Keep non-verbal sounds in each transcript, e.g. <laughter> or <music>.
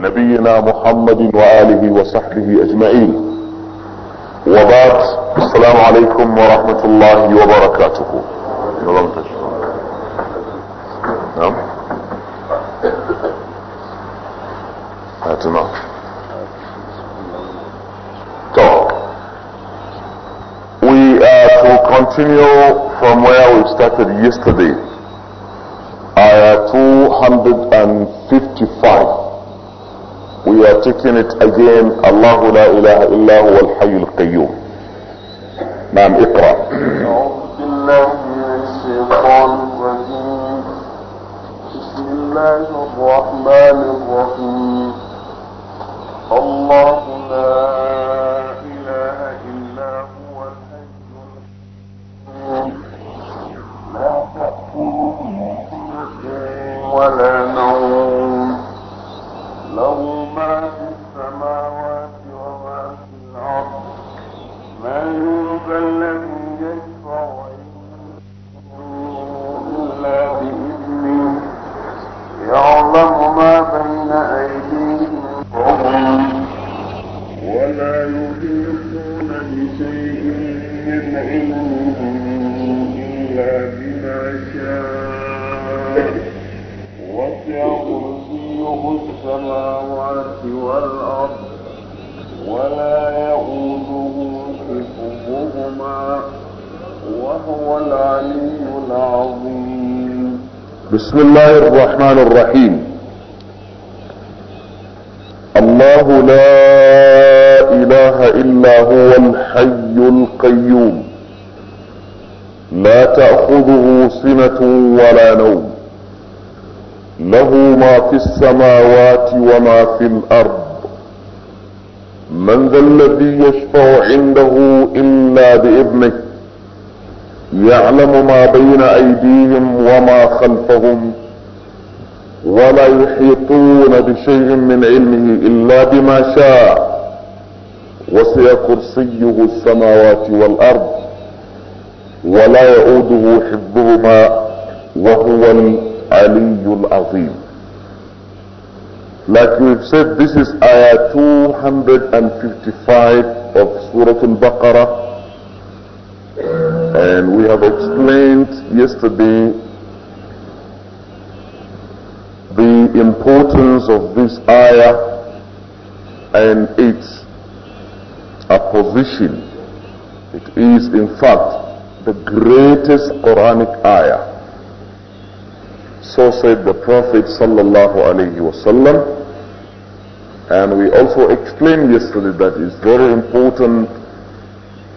نبينا محمد وآله وصحبه أجمعين وبعد السلام عليكم ورحمة الله وبركاته نعم هاتنا طيب. We are uh, to continue from where we started yesterday. آية Ayah 255. taking it again الله لا إله إلا هو الحي القيوم نعم اقرأ أعوذ بالله من الشيطان الرجيم بسم الله الرحمن الرحيم الرحمن الرحيم الله لا اله الا هو الحي القيوم لا تاخذه سنه ولا نوم له ما في السماوات وما في الارض من ذا الذي يشفع عنده الا باذنه يعلم ما بين ايديهم وما خلفهم ولا يحيطون بشيء من علمه إلا بما شاء وسع كرسيه السماوات والأرض ولا يعوده حفظهما وهو العلي العظيم Like we've said, this is ayah 255 of Surah Al-Baqarah. And we have explained yesterday importance of this ayah and its opposition. It is, in fact, the greatest Quranic ayah. So said the Prophet sallallahu alaihi wasallam. And we also explained yesterday that it's very important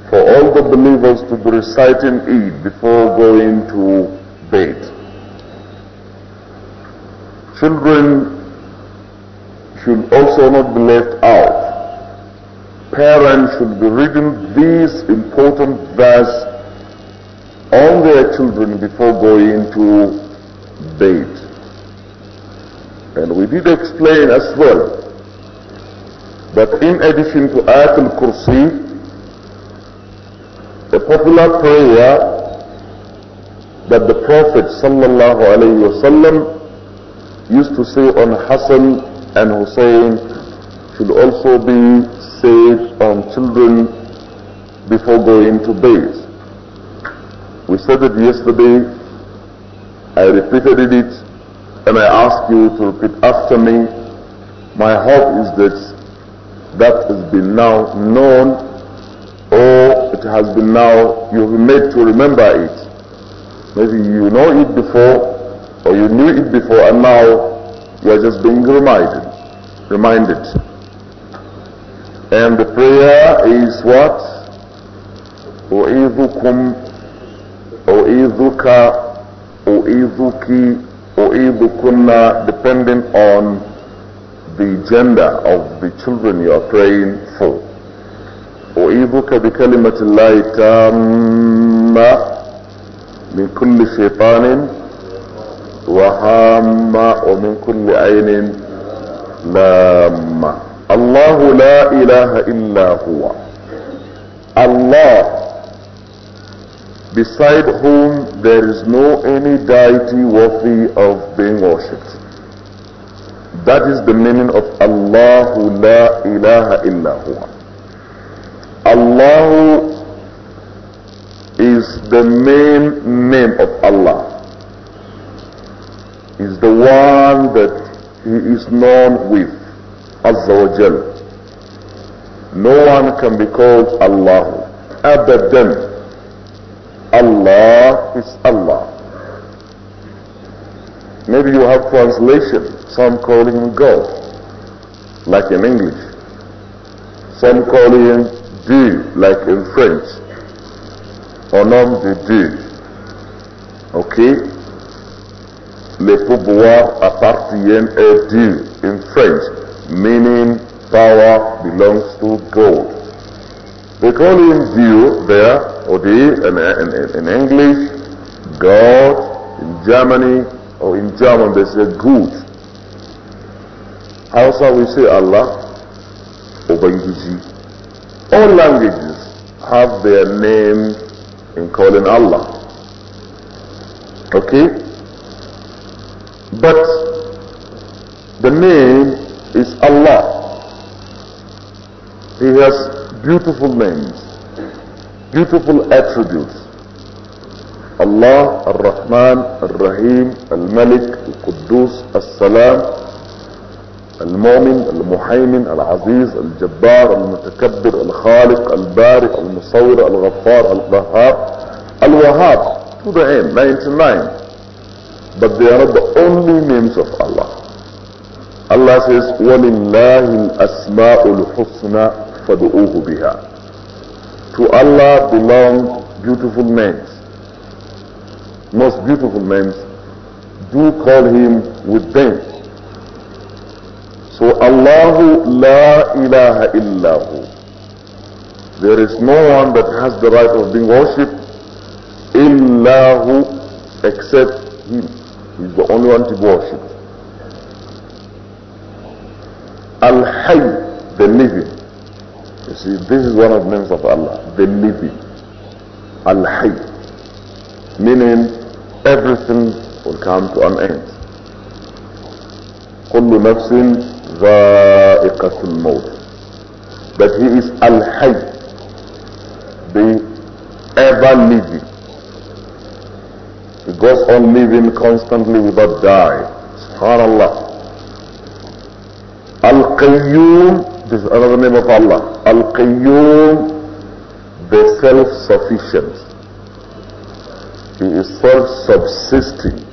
for all the believers to be reciting it before going to bed. Children should also not be left out. Parents should be reading this important verse on their children before going to bed. And we did explain as well that in addition to Ayat al-Kursi, a popular prayer that the Prophet sallallahu alayhi wasallam used to say on Hassan and Hussein should also be said on children before going to bed. We said it yesterday, I repeated it, and I ask you to repeat after me. My hope is that that has been now known or it has been now you've been made to remember it. Maybe you know it before or you knew it before and now you are just being reminded reminded and the prayer is what أعيذكم أعيذك أعيذك أعيذكن depending on the gender of the children you are praying for أعيذك بكلمة الله تامة من كل شيطان وهامة ومن كل عين لامة الله لا إله إلا هو Allah beside whom there is no any deity worthy of being worshipped. That is the meaning of is the main name of Allah is the one that he is known with, Azza wa Jal. No one can be called Allah other than Allah is Allah. Maybe you have translation, some calling him God, like in English. Some calling him Dieu, like in French. Or nom de Dieu. Okay? Le pouvoir appartient à Dieu in French, meaning power belongs to God. They call him Dieu there, or Dieu in, in, in English, God, in Germany, or in German they say good. shall we say Allah, All languages have their name in calling Allah. Okay? But the name is Allah. He has beautiful names, beautiful attributes. Allah, الرحمن الرحيم الملك rahim السلام المؤمن المحيمن العزيز الجبار المتكبر الخالق البارئ المصور الغفار القهار الوهاب to the end 99 but they are not the only names of Allah. Allah says, وَلِلَّهِ الْأَسْمَاءُ الْحُسْنَى فَدُعُوهُ بِهَا To Allah belong beautiful names. Most beautiful names. Do call Him with them. So Allahu la ilaha illahu. There is no one that has the right of being worshipped illahu except Him is the only one to be worshipped. Hay, the living. You see, this is one of the names of Allah, the living. al Hay, meaning everything will come to an end. كل نفس ذائقة الموت but he is al Hay, the ever living. He goes on living constantly without dying. Subhanallah. Al-Qayyum, this is another name of Allah. Al-Qayyum, the self-sufficient. He is self-subsisting.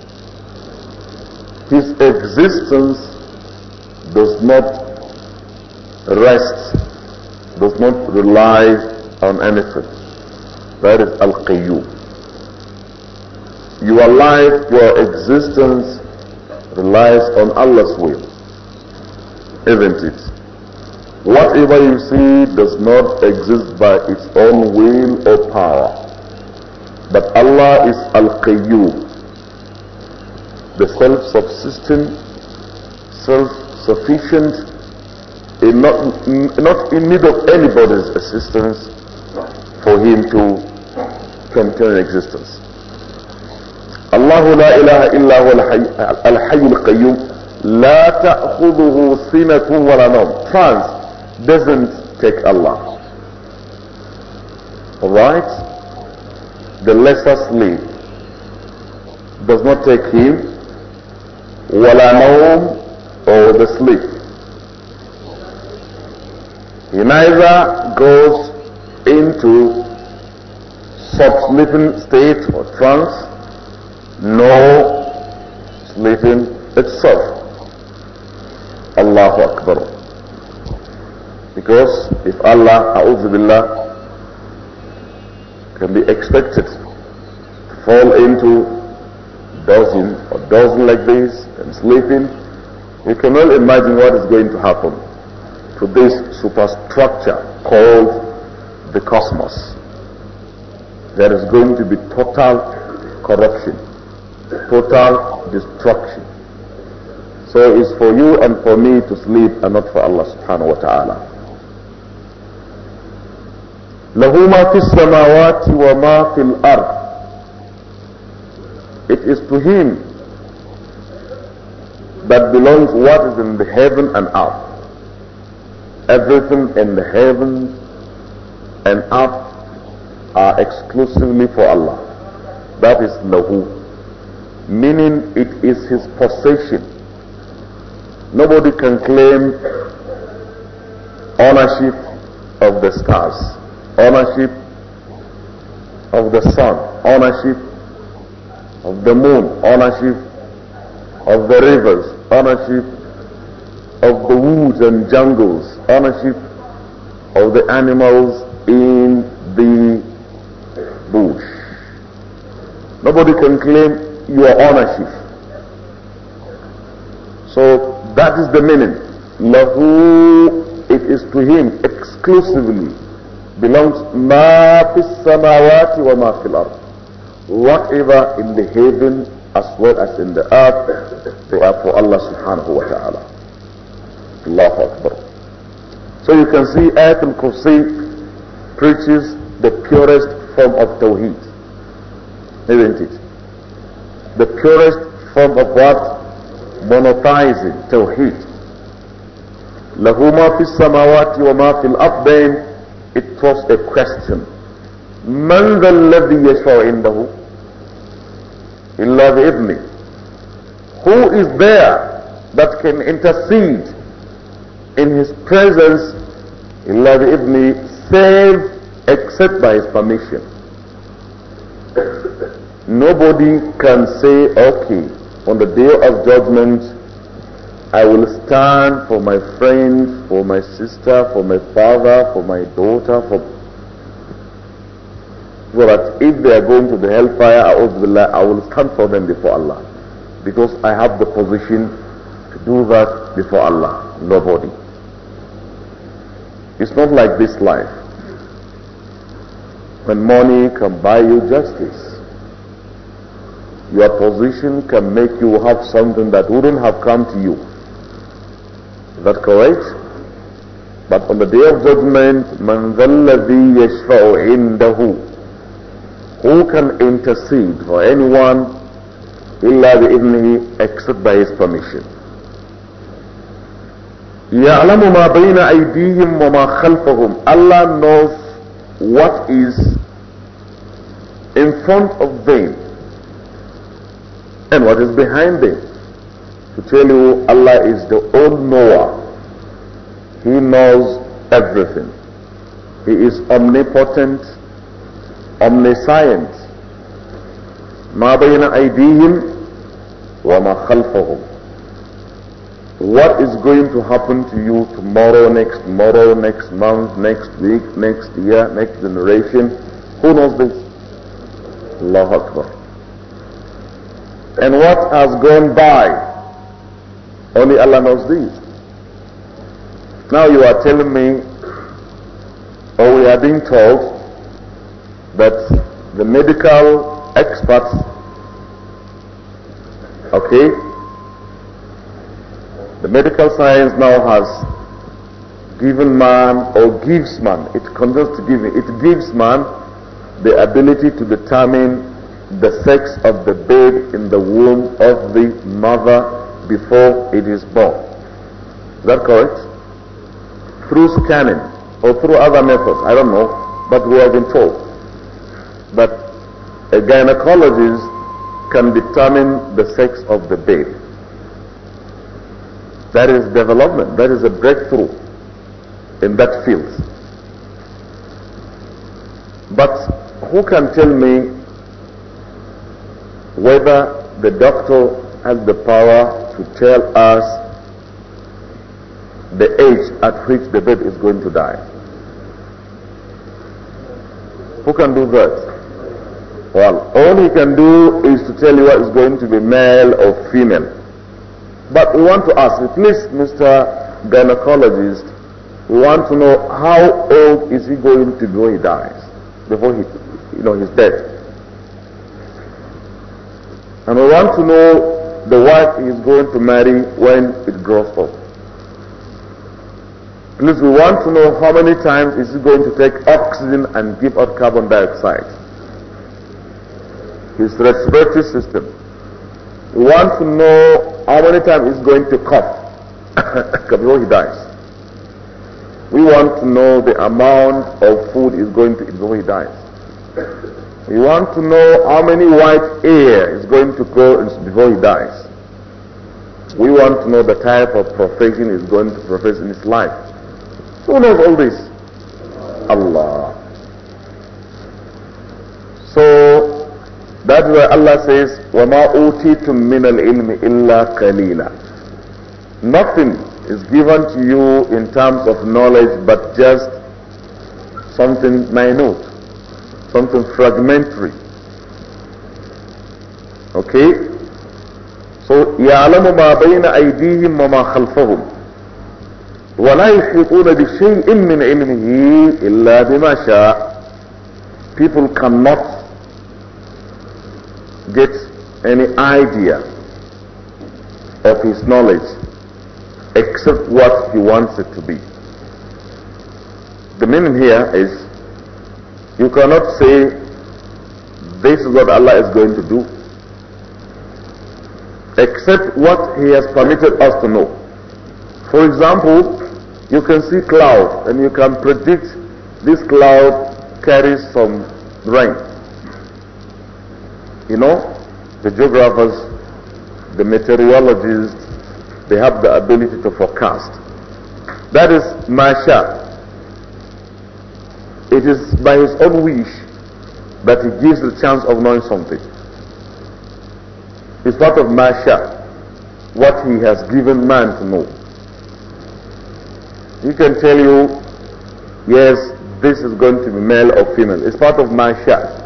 His existence does not rest, does not rely on anything. That is Al-Qayyum. Your life, your existence relies on Allah's will, isn't it? Whatever you see does not exist by its own will or power. But Allah is Al-Qayyum, the self-subsisting, self-sufficient, not, not in need of anybody's assistance for him to continue existence. الله لا إله إلا هو الحي, الحي القيوم لا تأخذه سنة ولا نوم Trance doesn't take Allah Alright The lesser sleep does not take him ولا نوم or the sleep He neither goes into sub-sleeping state or trance no sleeping itself. Allahu Akbar. Because if Allah, A'udhu Billah, can be expected to fall into dozen or dozen like this and sleeping, you can imagine what is going to happen to this superstructure called the cosmos. There is going to be total corruption total destruction. So it's for you and for me to sleep and not for Allah subhanahu wa ta'ala. في السماوات وما في الأرض It is to him that belongs what is in the heaven and earth. Everything in the heaven and earth are exclusively for Allah. That is Lahu meaning it is his possession. Nobody can claim ownership of the stars, ownership of the sun, ownership of the moon, ownership of the rivers, ownership of the woods and jungles, ownership of the animals in the bush. Nobody can claim your ownership. So that is the meaning. Lahu, it is to him exclusively belongs ma fis samawati wa ma fil ard. Whatever in the heaven as well as in the earth, they are for Allah subhanahu wa ta'ala. Allahu Akbar. So you can see Ayat al-Kursi preaches the purest form of Tawheed. Isn't it? the purest form of what? Monotheism, Tawheed. لَهُ مَا فِي السَّمَاوَاتِ وَمَا فِي الْأَرْضِ It was a question. مَنْ ذَا الَّذِي يَشْفَعُ عِنْدَهُ إِلَّا ibni. Who is there that can intercede in his presence إِلَّا ibni. save except by his permission? Nobody can say, okay, on the day of judgment, I will stand for my friend, for my sister, for my father, for my daughter, for so that if they are going to the hellfire, I will stand for them before Allah. Because I have the position to do that before Allah. Nobody. It's not like this life. When money can buy you justice your position can make you have something that wouldn't have come to you. Is that correct? But on the day of judgment, man الَّذِي in عِنْدَهُ Who can intercede for anyone Illa بِإِذْنِهِ except by his permission. يعلم ما بين أيديهم وما خلفهم Allah knows what is in front of them and what is behind them. To tell you, Allah is the all-knower. He knows everything. He is omnipotent, omniscient. ما بين أيديهم وما خلفهم. What is going to happen to you tomorrow, next tomorrow, next month, next week, next year, next generation? Who knows this? Allahu Akbar and what has gone by. Only Allah knows this. Now you are telling me, or we are being told, that the medical experts, okay, the medical science now has given man or gives man, it converts to giving, it gives man the ability to determine the sex of the babe in the womb of the mother before it is born. Is that correct? Through scanning or through other methods, I don't know, but we have been told that a gynecologist can determine the sex of the babe. That is development, that is a breakthrough in that field. But who can tell me whether the doctor has the power to tell us the age at which the baby is going to die. Who can do that? Well, all he can do is to tell you what is going to be male or female. But we want to ask, at least Mr. Gynecologist, we want to know how old is he going to be when he dies, before he, you know, his dead. And we want to know the wife is going to marry when it grows up. Please, we want to know how many times is it going to take oxygen and give out carbon dioxide. His respiratory system. We want to know how many times is going to cough <coughs> before he dies. We want to know the amount of food is going to before he dies. We want to know how many white hair is going to grow before he dies. We want to know the type of profession he's going to profess in his life. Who knows all this? Allah. So that's why Allah says, وَمَا أُوتِيتُم مِّنَ الْإِلْمِ إِلَّا قَلِيلًا Nothing is given to you in terms of knowledge but just something minute something fragmentary. Okay? So, يعلم ما بين أيديهم وما خلفهم ولا يحيطون بشيء من علمه إلا بما شاء People cannot get any idea of his knowledge except what he wants it to be. The meaning here is you cannot say, this is what Allah is going to do, except what He has permitted us to know. For example, you can see cloud and you can predict this cloud carries some rain. You know, the geographers, the meteorologists, they have the ability to forecast. That is Masha. It is by his own wish that he gives the chance of knowing something. It's part of Masha, what he has given man to know. He can tell you, yes, this is going to be male or female. It's part of Masha.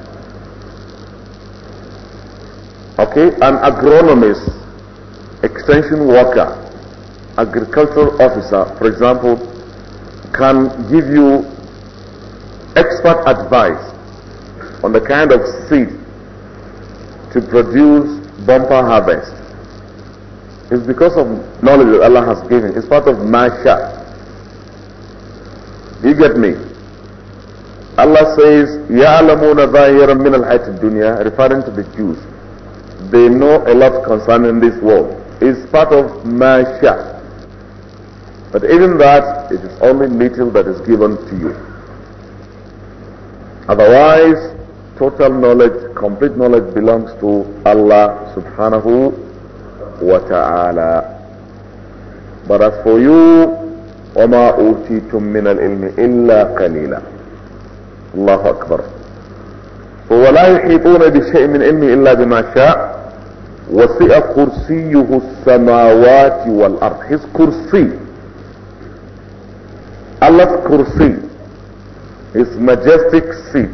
Okay, an agronomist, extension worker, agricultural officer, for example, can give you expert advice on the kind of seed to produce bumper harvest is because of knowledge that Allah has given. It's part of masha. You get me? Allah says, يَعْلَمُونَ ظَاهِرًا مِنَ الْحَيَةِ dunya," referring to the Jews. They know a lot concerning this world. It's part of masha. But even that, it is only little that is given to you. Otherwise, total knowledge, complete knowledge belongs to Allah subhanahu wa ta'ala. But as for you, وما أوتيتم من العلم إلا قليلا الله أكبر فولا يحيطون بشيء من علمه إلا بما شاء وسع كرسيه السماوات والأرض his kursi Allah's kursi his majestic seat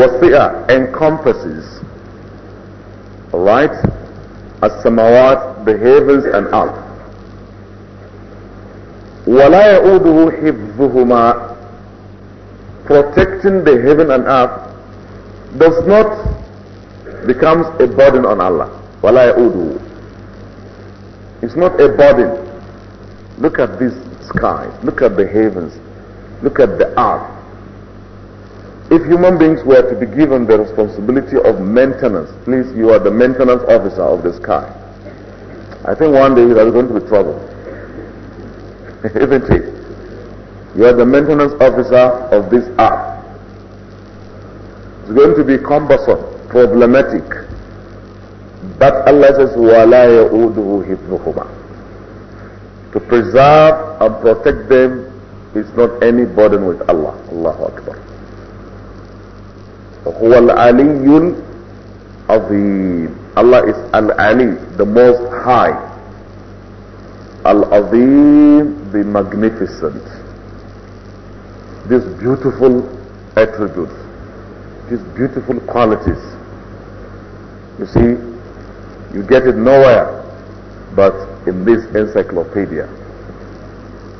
wasi'a encompasses right as samawat the heavens and earth ولا يؤوده حفظهما protecting the heaven and earth does not becomes a burden on Allah ولا يؤوده it's not a burden look at these skies look at the heavens look at the earth if human beings were to be given the responsibility of maintenance, please, you are the maintenance officer of the sky. I think one day there is going to be trouble. <laughs> Isn't it? You are the maintenance officer of this earth. It's going to be cumbersome, problematic. But Allah says, وَلَا To preserve and protect them is not any burden with Allah. Allahu Akbar. هو العلي العظيم Allah is Al-Ali, the most high. al the magnificent. These beautiful attributes, these beautiful qualities. You see, you get it nowhere but in this encyclopedia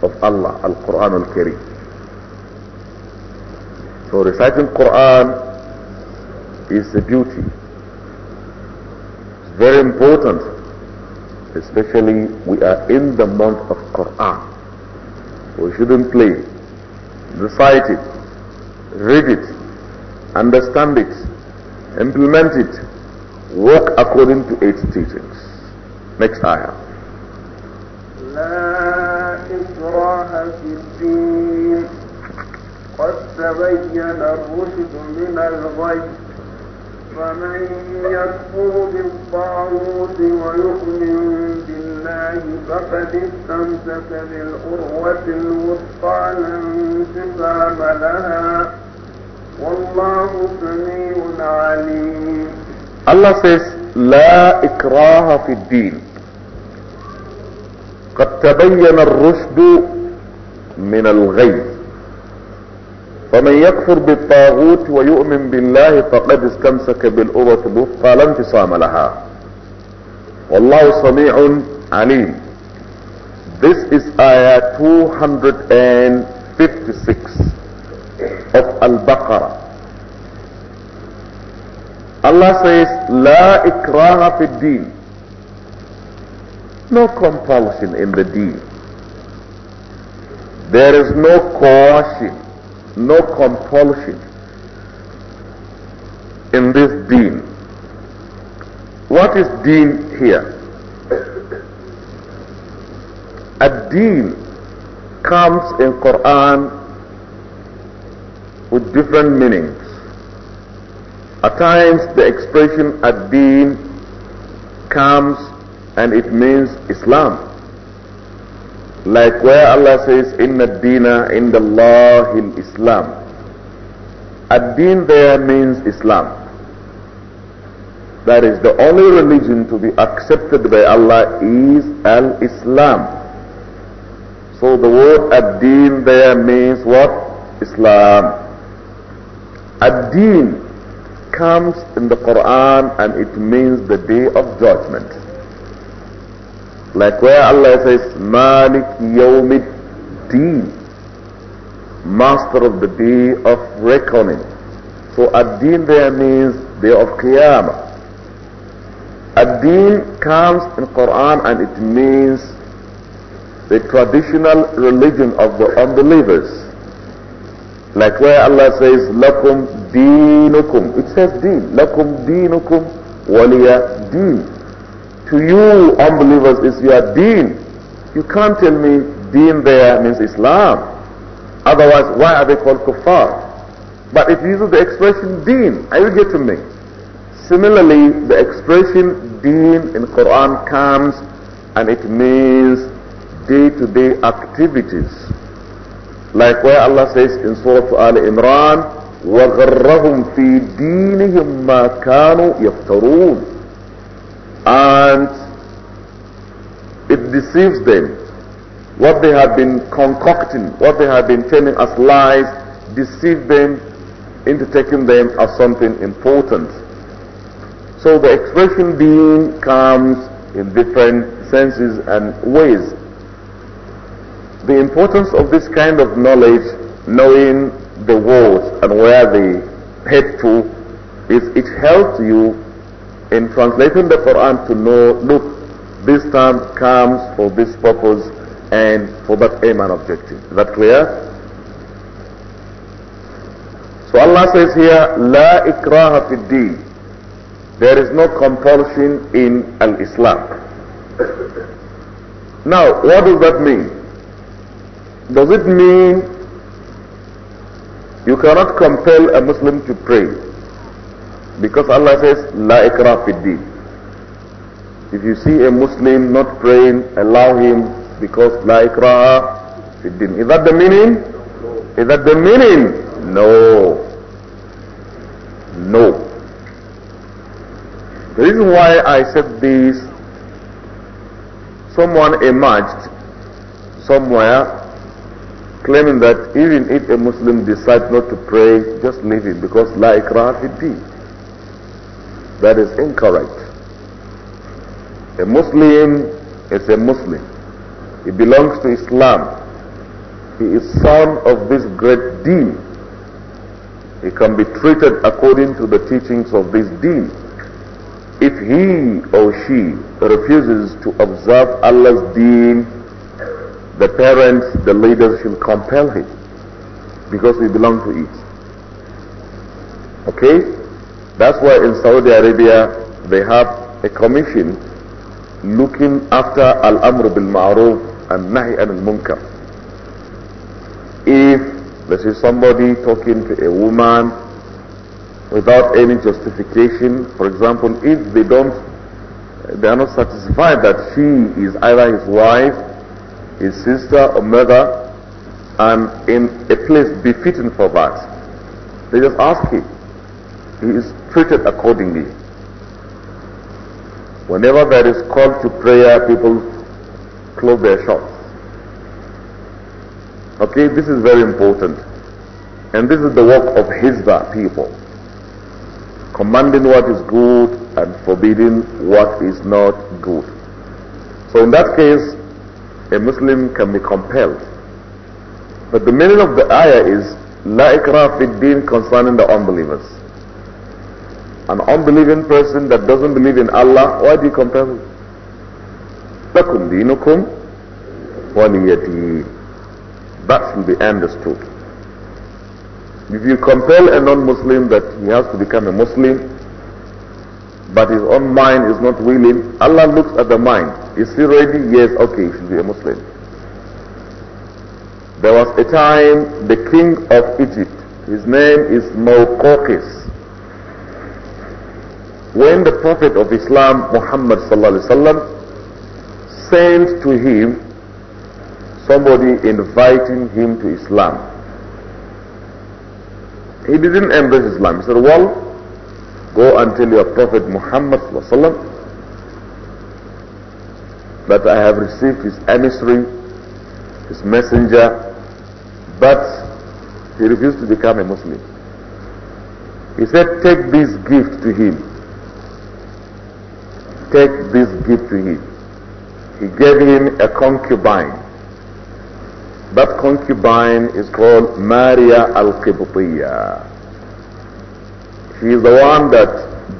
of Allah, Al-Quran Al-Kareem. So reciting Quran is the duty. It's very important, especially we are in the month of Quran. We shouldn't play. Recite it, read it, understand it, implement it, work according to its teachings. Next ayah. قد تبين الرشد من فمن يكفر بالطاغوت ويؤمن بالله فقد استمسك بالعروة الوثقى لا انتقام لها والله سميع عليم الله says, لا إكراه في الدين قد تبين الرشد من الغي فمن يكفر بالطاغوت ويؤمن بالله فقد استمسك بالأرة الوثقى لا انفصام لها والله سميع عليم This is ayah 256 of Al-Baqarah Allah says لا إكراه في الدين No compulsion in the deen There is no coercion no compulsion in this deen. What is deen here? A deen comes in Quran with different meanings. At times the expression "a deen comes and it means Islam. Like where Allah says, "In the Dina in Islam. Ad-Din there means Islam. That is the only religion to be accepted by Allah is Al-Islam. So the word ad-din there means what? Islam. Ad-din comes in the Quran and it means the day of judgment. Like where Allah says, Malik Yomid Deen, master of the day of reckoning. So Ad-Din there means day of Qiyamah. Ad-Din comes in Quran and it means the traditional religion of the unbelievers. Like where Allah says, Lakum Deenukum. It says Deen. Lakum Deenukum Waliya Deen to you unbelievers is your deen. You can't tell me deen there means Islam. Otherwise, why are they called kuffar? But if you use the expression deen, are you getting me? Similarly, the expression deen in Quran comes and it means day-to-day -day activities. Like where Allah says in Surah Al Imran, وَغَرَّهُمْ فِي دِينِهِمْ مَا كَانُوا يَفْتَرُونَ deceives them. What they have been concocting, what they have been telling us lies, deceive them into taking them as something important. So the expression being comes in different senses and ways. The importance of this kind of knowledge, knowing the words and where they head to, is it helps you in translating the Quran to know, look, this term comes for this purpose and for that aim and objective. Is that clear? So Allah says here, La ikraha fi There is no compulsion in al-Islam. <laughs> Now, what does that mean? Does it mean you cannot compel a Muslim to pray? Because Allah says, La ikraha fi if you see a Muslim not praying, allow him because la ikraha fiddin. Is that the meaning? Is that the meaning? No. No. The reason why I said this, someone emerged somewhere claiming that even if a Muslim decides not to pray, just leave it because la ikraha fiddin. That is incorrect. A Muslim is a Muslim. He belongs to Islam. He is son of this great deen. He can be treated according to the teachings of this deen. If he or she refuses to observe Allah's deen, the parents, the leaders should compel him because we belong to it. Okay? That's why in Saudi Arabia they have a commission looking after al-amr bil ma'ruf and nahi anil munkar. If this is somebody talking to a woman without any justification, for example, if they don't, they are not satisfied that she is either his wife, his sister or mother, and in a place befitting for that, they just ask him. He is treated accordingly. Whenever there is call to prayer, people close their shops. Okay, this is very important. And this is the work of Hizbah people. Commanding what is good and forbidding what is not good. So in that case, a Muslim can be compelled. But the meaning of the ayah is, La ikraf concerning the unbelievers an unbelieving person that doesn't believe in Allah, why do you compare him? لَكُمْ دِينُكُمْ وَلِيَدِينُ That should be understood. If you compel a non-Muslim that he has to become a Muslim, but his own mind is not willing, Allah looks at the mind. Is he ready? Yes, okay, he should be a Muslim. There was a time the king of Egypt, his name is Mokokis when the Prophet of Islam Muhammad sent to him somebody inviting him to Islam. He didn't embrace Islam. He said, well, go and tell your Prophet Muhammad sallallahu that I have received his emissary, his messenger, but he refused to become a Muslim. He said, take this gift to him. Take this gift to him. He gave him a concubine. That concubine is called Maria al-Qibtiyah. She is the one that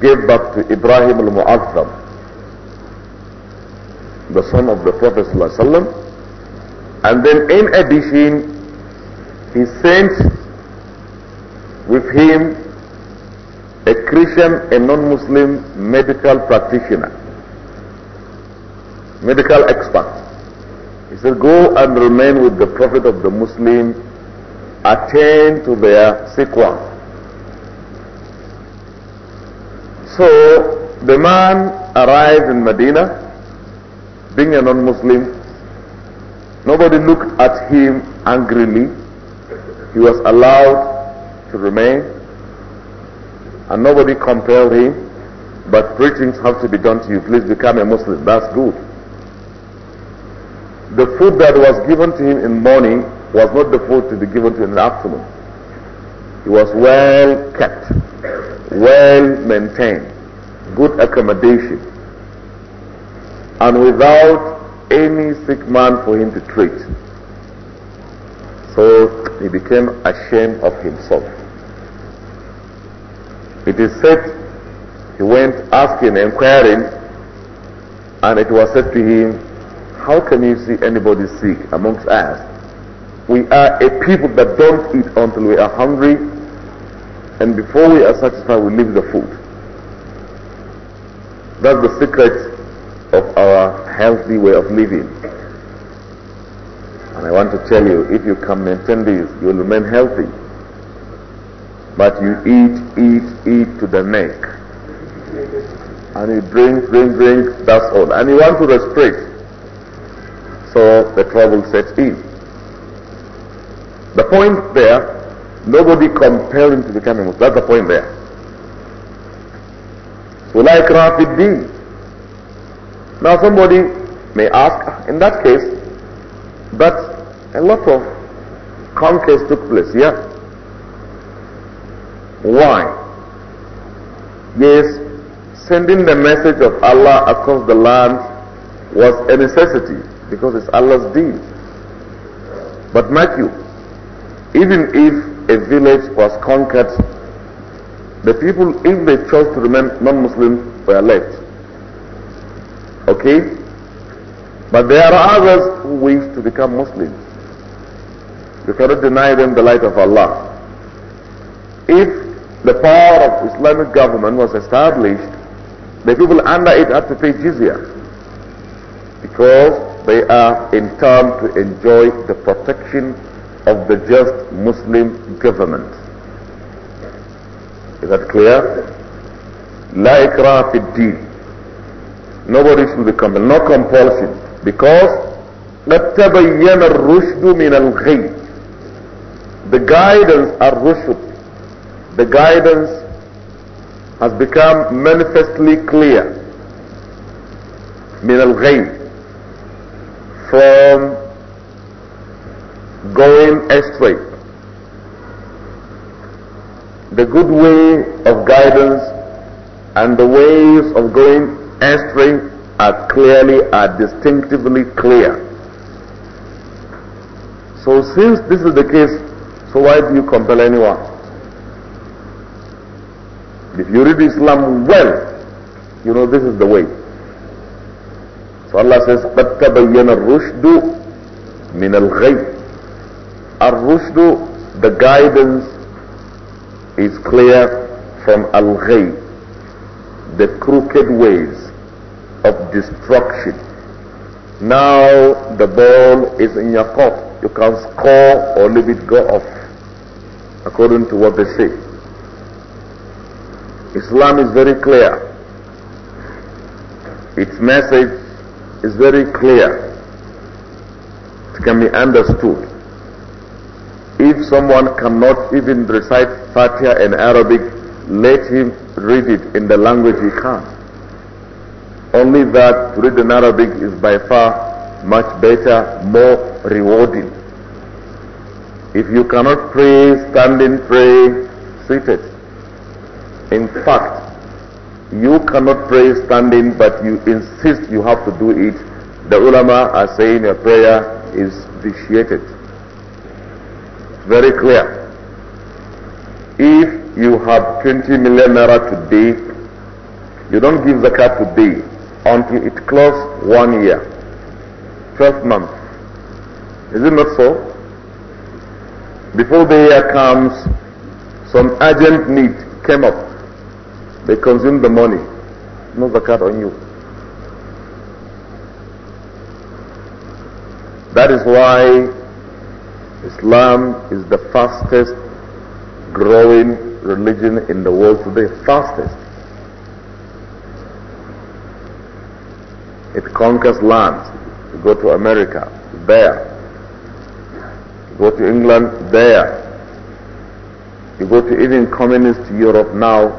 gave birth to Ibrahim al-Mu'azzam, the son of the Prophet ﷺ. And then in addition, he sent with him a Christian, a non-Muslim medical practitioner medical expert. He said, go and remain with the Prophet of the Muslim, attend to their sick one. So the man arrived in Medina, being a non-Muslim. Nobody looked at him angrily. He was allowed to remain and nobody compelled him. But preachings have to be done to you. Please become a Muslim. That's good the food that was given to him in the morning was not the food to be given to him in the afternoon. He was well kept, well maintained, good accommodation, and without any sick man for him to treat. So he became ashamed of himself. It is said he went asking, inquiring, and it was said to him, how can you see anybody sick amongst us? We are a people that don't eat until we are hungry, and before we are satisfied, we leave the food. That's the secret of our healthy way of living. And I want to tell you, if you can maintain this, you will remain healthy. But you eat, eat, eat to the neck. And you drink, drink, drink, that's all. And you want to restrict so the trouble sets in. The point there, nobody compelled him to become a Muslim. That's the point there. So like Rafid Now somebody may ask, ah, in that case, but a lot of conquest took place, yeah? Why? Yes, sending the message of Allah across the land was a necessity because it's Allah's deal. But mark you, even if a village was conquered, the people, if they chose to remain non-Muslim, were left. Okay? But there are others who wish to become Muslims. You cannot deny them the light of Allah. If the power of Islamic government was established, the people under it had to pay jizya because they are in turn to enjoy the protection of the just Muslim government. Is that clear? La ikraha Nobody should be compelled, no compulsion. Because قد تبين الرشد من الغي The guidance الرشد The guidance has become manifestly clear من الغي from going astray. The good way of guidance and the ways of going astray are clearly, are distinctively clear. So since this is the case, so why do you compel anyone? If you read Islam well, you know this is the way. So Allah says, قَدْ تَبَيَّنَ الرُّشْدُ مِنَ الْغَيْءِ the guidance is clear from al-ghay, the crooked ways of destruction. Now the ball is in your court. You can score or leave it go off, according to what they say. Islam is very clear. Its message is very clear. It can be understood. If someone cannot even recite Fatiha in Arabic, let him read it in the language he can. Only that to read in Arabic is by far much better, more rewarding. If you cannot pray standing, pray seated. In fact, you cannot pray standing, but you insist you have to do it. The ulama are saying your prayer is vitiated. very clear. If you have 20 million naira today, you don't give zakat today until it closes one year, 12 months. Is it not so? Before the year comes, some urgent need came up. They consume the money. No zakat on you. That is why Islam is the fastest growing religion in the world today. Fastest. It conquers lands. You go to America, there. You go to England, there. You go to even communist Europe now,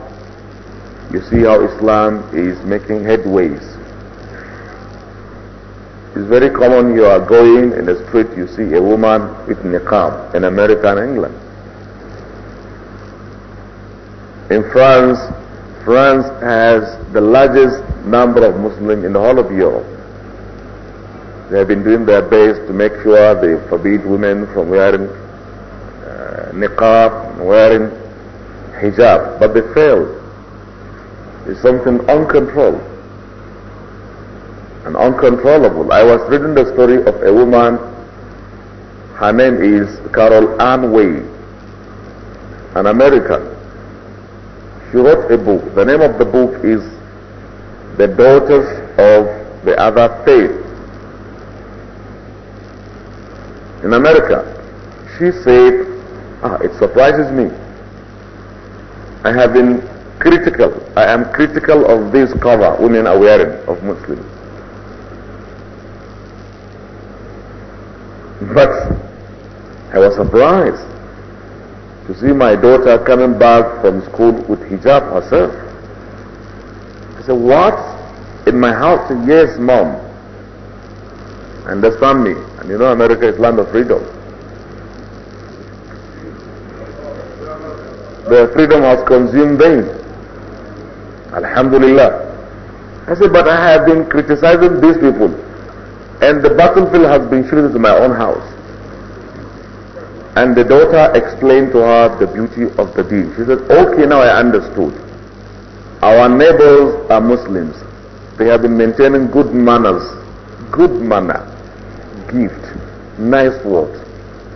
you see how Islam is making headways. It's very common you are going in the street, you see a woman with niqab in America and England. In France, France has the largest number of Muslims in the whole of Europe. They have been doing their best to make sure they forbid women from wearing uh, niqab, wearing hijab, but they failed is something uncontrolled and uncontrollable. I was reading the story of a woman, her name is Carol Ann Way, an American. She wrote a book. The name of the book is The Daughters of the Other Faith. In America, she said, ah, it surprises me. I have been critical. I am critical of this cover women are wearing of Muslims. But I was surprised to see my daughter coming back from school with hijab herself. I said, what? In my house? Said, yes, mom. Understand me. And you know America is land of freedom. The freedom has consumed them. Alhamdulillah. I said, but I have been criticizing these people and the battlefield has been shifted to my own house. And the daughter explained to her the beauty of the deen. She said, okay, now I understood. Our neighbors are Muslims. They have been maintaining good manners, good manner, gift, nice words.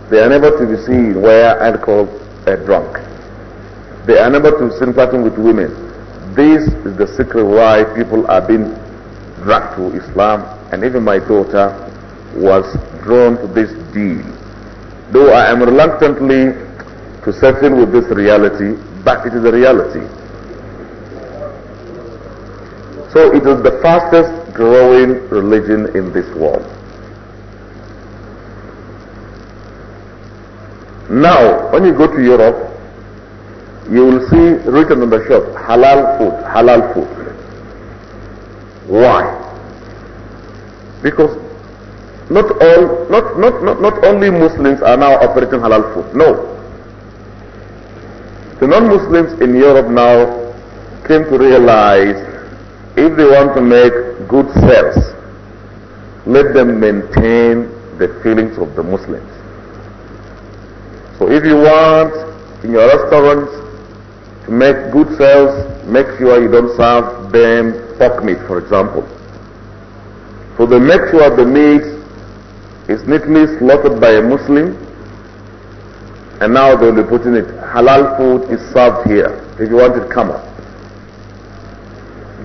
They are never to be seen where alcohol a uh, drunk. They are never to be seen flirting with women. This is the secret why people are being dragged to Islam and even my daughter was drawn to this deal. Though I am reluctantly to settle with this reality, but it is a reality. So it is the fastest growing religion in this world. Now, when you go to Europe, you will see written on the shop, halal food, halal food. Why? Because not all, not, not, not, not only Muslims are now operating halal food. No. The non-Muslims in Europe now came to realize if they want to make good sales, let them maintain the feelings of the Muslims. So if you want in your restaurants to make good sales, make sure you don't serve them pork meat, for example. So they make sure the meat is neatly slaughtered by a Muslim, and now they will be putting it. Halal food is served here. If you want it, come up.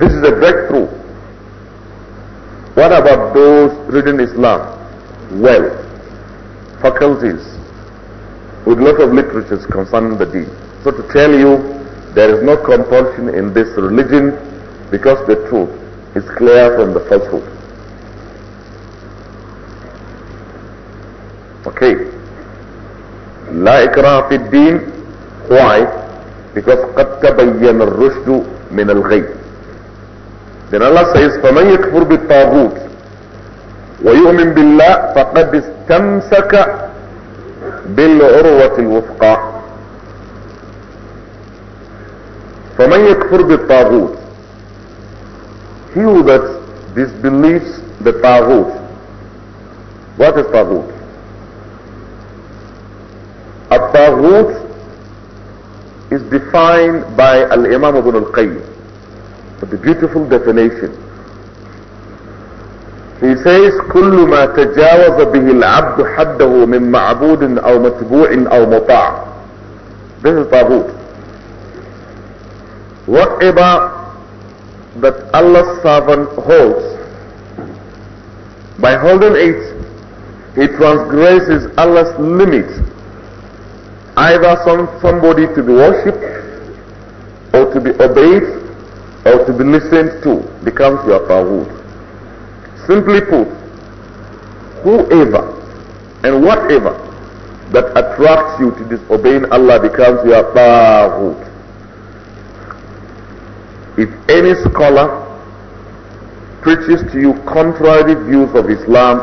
This is a breakthrough. What about those reading Islam? Well, faculties with lot of literatures concerning the deen. So to tell you, There is no compulsion in this religion because the truth is clear from the falsehood. Okay. لا إكراه في الدين why because قد تبين الرشد من الغي then Allah says فمن يكفر بالطاغوت ويؤمن بالله فقد استمسك بالعروة الوثقى فمن يكفر بالطاغوت he who that disbelieves the طاغوت what is طاغوت الطاغوت is defined by الإمام ابن القيم al the beautiful definition he says كل ما تجاوز به العبد حده من معبود او متبوع او مطاع this is طاغوت Whatever that Allah's servant holds, by holding it, he transgresses Allah's limit. Either some somebody to be worshipped, or to be obeyed, or to be listened to becomes your ta'wud. Simply put, whoever and whatever that attracts you to disobeying Allah becomes your ta'wud. If any scholar preaches to you contrary views of Islam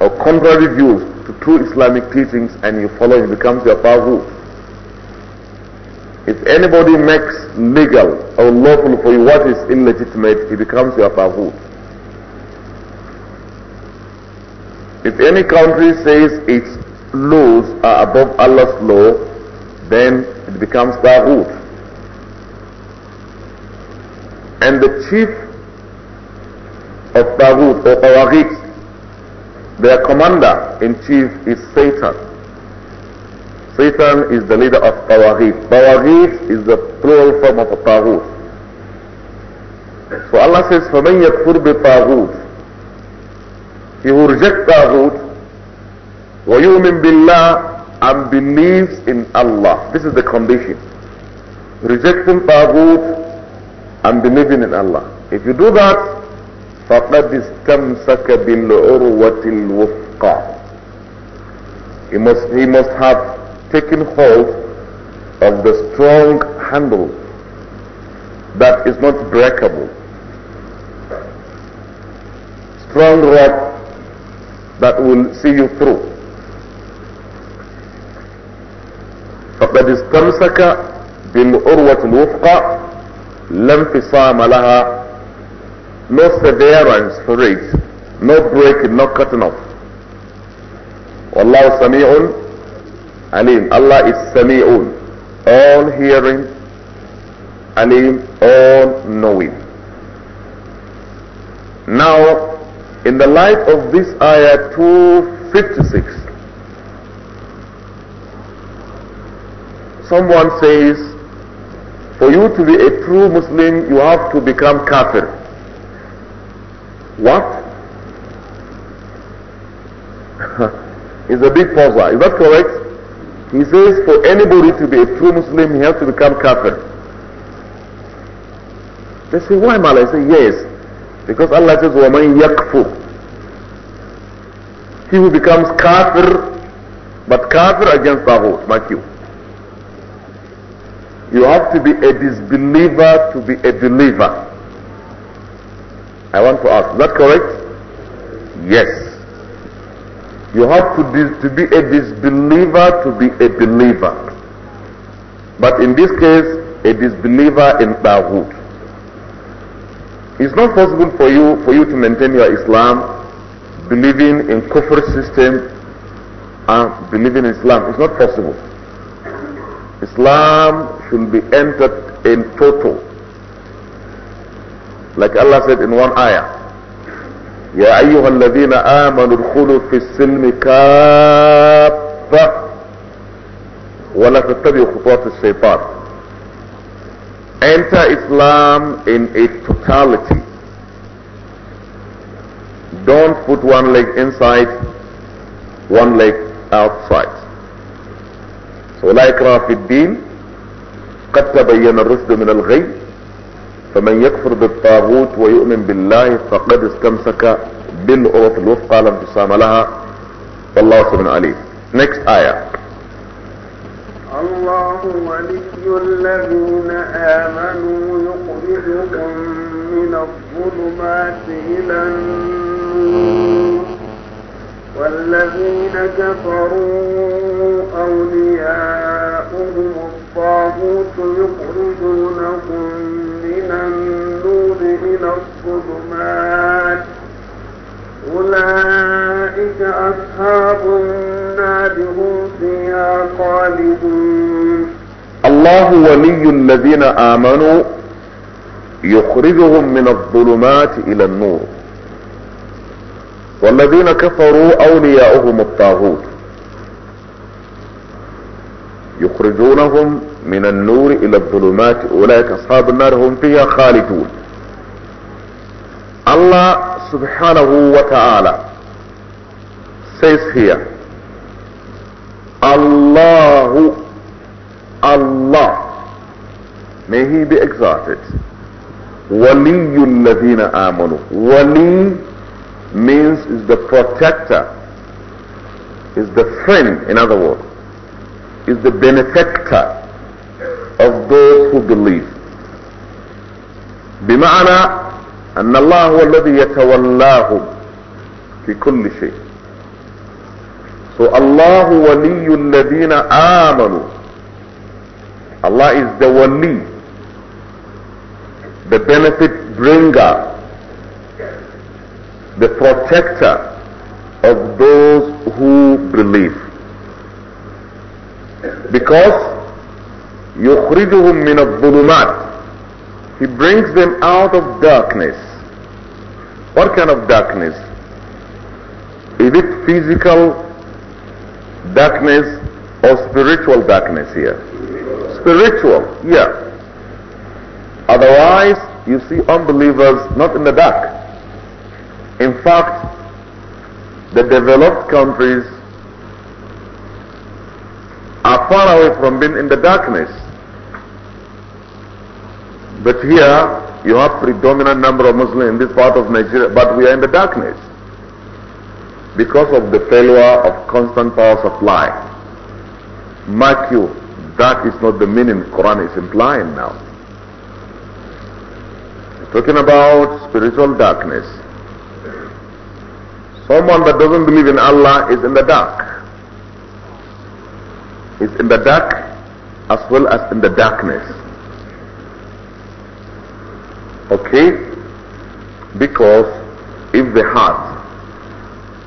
or contrary views to true Islamic teachings and you follow him, becomes your tawhut. If anybody makes legal or lawful for you what is illegitimate, he becomes your tawhut. If any country says its laws are above Allah's law, then it becomes tawhut and the chief of Tawud or Qawaghit, their commander in chief is Satan. Satan is the leader of Qawaghit. Qawaghit is the plural form of Tawud. So Allah says, فَمَنْ يَكْفُرْ بِطَاغُوتِ He who rejects Tawud, وَيُؤْمِن بِاللَّهِ and believes in Allah. This is the condition. Rejecting Tawud and believing in Allah. If you do that, فَقَدْ اسْتَمْسَكَ بِالْعُرْوَةِ الْوُثْقَى he must, he must have taken hold of the strong handle that is not breakable. Strong rock that will see you through. فقد استمسك بالعروة الوثقى لم فصام لها no severance for it no breaking no cutting off is Samiun, Alim. Allah is Samiun, all hearing Alim, all knowing now in the light of this ayah 256 someone says for you to be a true Muslim, you have to become kafir. What? <laughs> it's a big puzzle. Is that correct? He says for anybody to be a true Muslim, he has to become kafir. They say, why Malay? I say, yes. Because Allah says, وَمَنْ يَكْفُرْ He who becomes kafir, but kafir against host, mark you. You have to be a disbeliever to be a believer. I want to ask, is that correct? Yes. You have to, to be a disbeliever to be a believer. But in this case, a disbeliever in Tawhut. It's not possible for you, for you to maintain your Islam believing in kufr system and believing in Islam. It's not possible. Islam should be entered in total. Like Allah said in one ayah, يا أيها الذين آمنوا ادخلوا في السلم كافة ولا تتبعوا خطوات الشيطان. Enter Islam in its totality. Don't put one leg inside, one leg outside. So لا إكراه في الدين قد تبين الرشد من الغي فمن يكفر بالطاغوت ويؤمن بالله فقد استمسك بالعروة الوثقى لم تسام لها والله سبحانه وتعالى next آية الله ولي الذين آمنوا يخرجهم من الظلمات إلى النور والذين كفروا أولياء الطاغوت يخرجونكم من النور إلى الظلمات أولئك أصحاب النار هم فيها خالدون الله ولي الذين آمنوا يخرجهم من الظلمات إلى النور والذين كفروا أولياؤهم الطاغوت يخرجونهم من النور إلى الظلمات أولئك أصحاب النار هم فيها خالدون Allah subhanahu wa ta'ala says here, Allahu, Allah, may He be exalted, ولي الذين amanu. Wali means is the protector, is the friend, in other words, is the benefactor of those who believe. بمعنى أن الله هو الذي يتولّاه في كل شيء. So Allah ولي الذين آمنوا. Allah is the wali, the benefit bringer, the protector of those who believe. Because يخرجهم من الظلمات he brings them out of darkness what kind of darkness is it physical darkness or spiritual darkness here spiritual yeah otherwise you see unbelievers not in the dark in fact the developed countries are far away from being in the darkness but here, you have predominant number of Muslims in this part of Nigeria, but we are in the darkness because of the failure of constant power supply. Mark you, that is not the meaning Quran is implying now. It's talking about spiritual darkness. Someone that doesn't believe in Allah is in the dark. Is in the dark as well as in the darkness. Okay? Because if the heart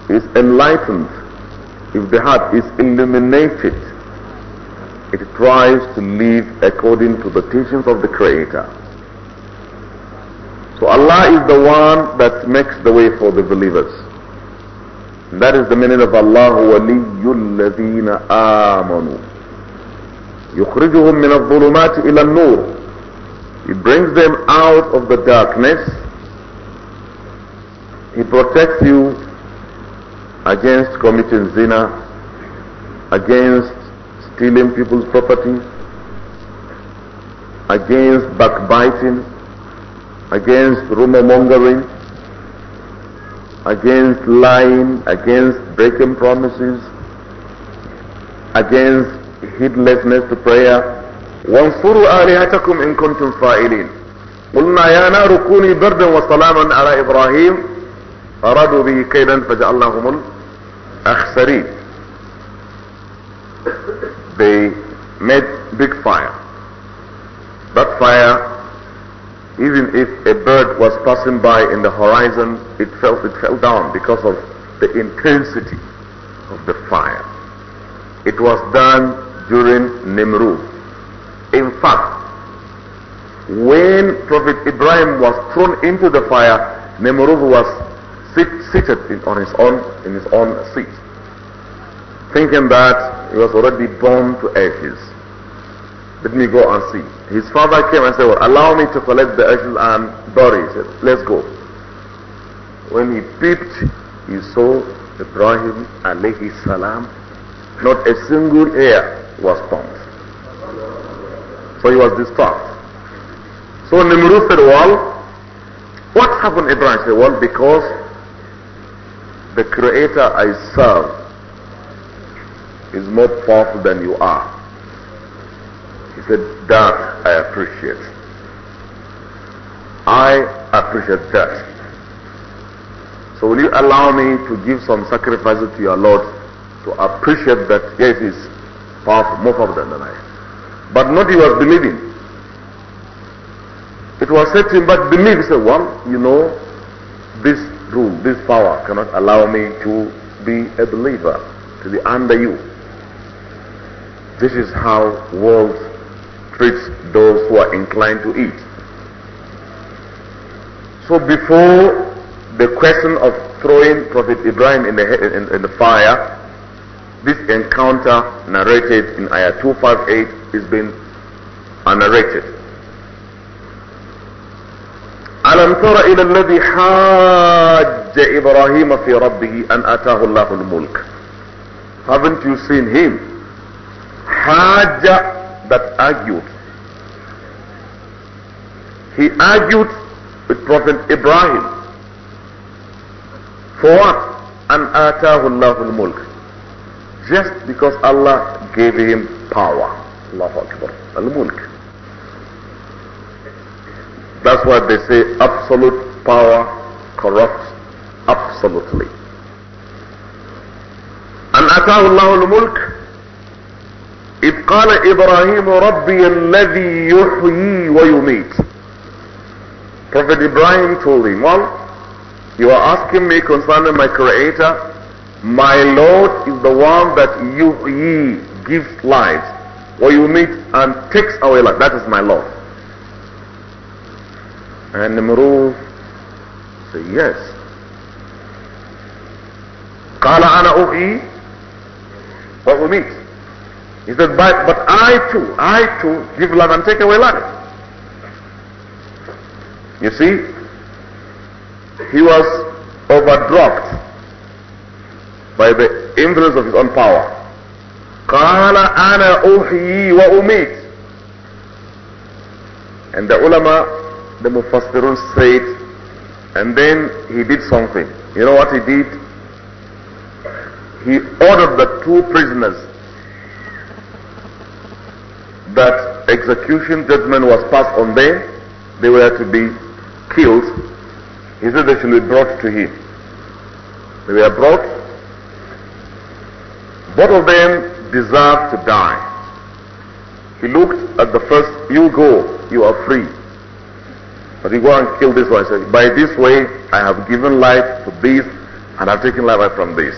is enlightened, if the heart is illuminated, it tries to live according to the teachings of the Creator. So Allah is the one that makes the way for the believers. And that is the meaning of Allah Amanu. الذين min al من ila إلى nur he brings them out of the darkness. He protects you against committing zina, against stealing people's property, against backbiting, against rumor mongering, against lying, against breaking promises, against heedlessness to prayer وانصروا آلهتكم إن كنتم فائلين قلنا يا نار كوني بردا وسلاما على إبراهيم أرادوا به كيدا فجعلناهم الأخسرين They made big fire. That fire, even if a bird was passing by in the horizon, it fell, it fell down because of the intensity of the fire. It was done during Nimrud. In fact, when Prophet Ibrahim was thrown into the fire, Nimrud was sit, seated in, on his own, in his own seat, thinking that he was already burned to ashes. Let me go and see. His father came and said, well, allow me to collect the ashes and bury. He said, let's go. When he peeped, he saw Ibrahim alayhi salam. Not a single hair was burned. So he was disturbed. So Nimrud said, well, what happened Ibrahim? said, well, because the creator I serve is more powerful than you are. He said, that I appreciate. I appreciate that. So will you allow me to give some sacrifices to your Lord to appreciate that yes, is powerful, more powerful than I am. But not he was believing. It was said to him, but believe. He said, well, you know, this rule, this power cannot allow me to be a believer, to be under you. This is how world treats those who are inclined to eat. So before the question of throwing Prophet Ibrahim in the, in, in the fire, this encounter narrated in Ayah 258 has been narrated. ألم تر إلى الذي حاج إبراهيم في ربه أن أتاه الله الملك Haven't you seen him? Hajj that argued. He argued with Prophet Ibrahim. For what? أن آتاه الله الملك just because Allah gave him power. Allahu Akbar. Al-Mulk. That's why they say absolute power corrupts absolutely. And أن Allah الله الملك إذ قال إبراهيم ربي الذي يحيي ويميت Prophet Ibrahim told him, well, you are asking me concerning my creator my Lord is the one that you, ye gives life, or you meet and takes away life. That is my Lord. And Nimrud said, Yes. قال أنا أحيي وأميت. He said, but, but I too, I too give life and take away life. You see, he was overdropped by the influence of his own power. and the ulama the mufassirun said and then he did something you know what he did he ordered the two prisoners that execution judgment was passed on them they were to be killed he said they should be brought to him they were brought what of them deserve to die? He looked at the first, you go, you are free. But he go and kill this one. He said, by this way, I have given life to this and I've taken life from this.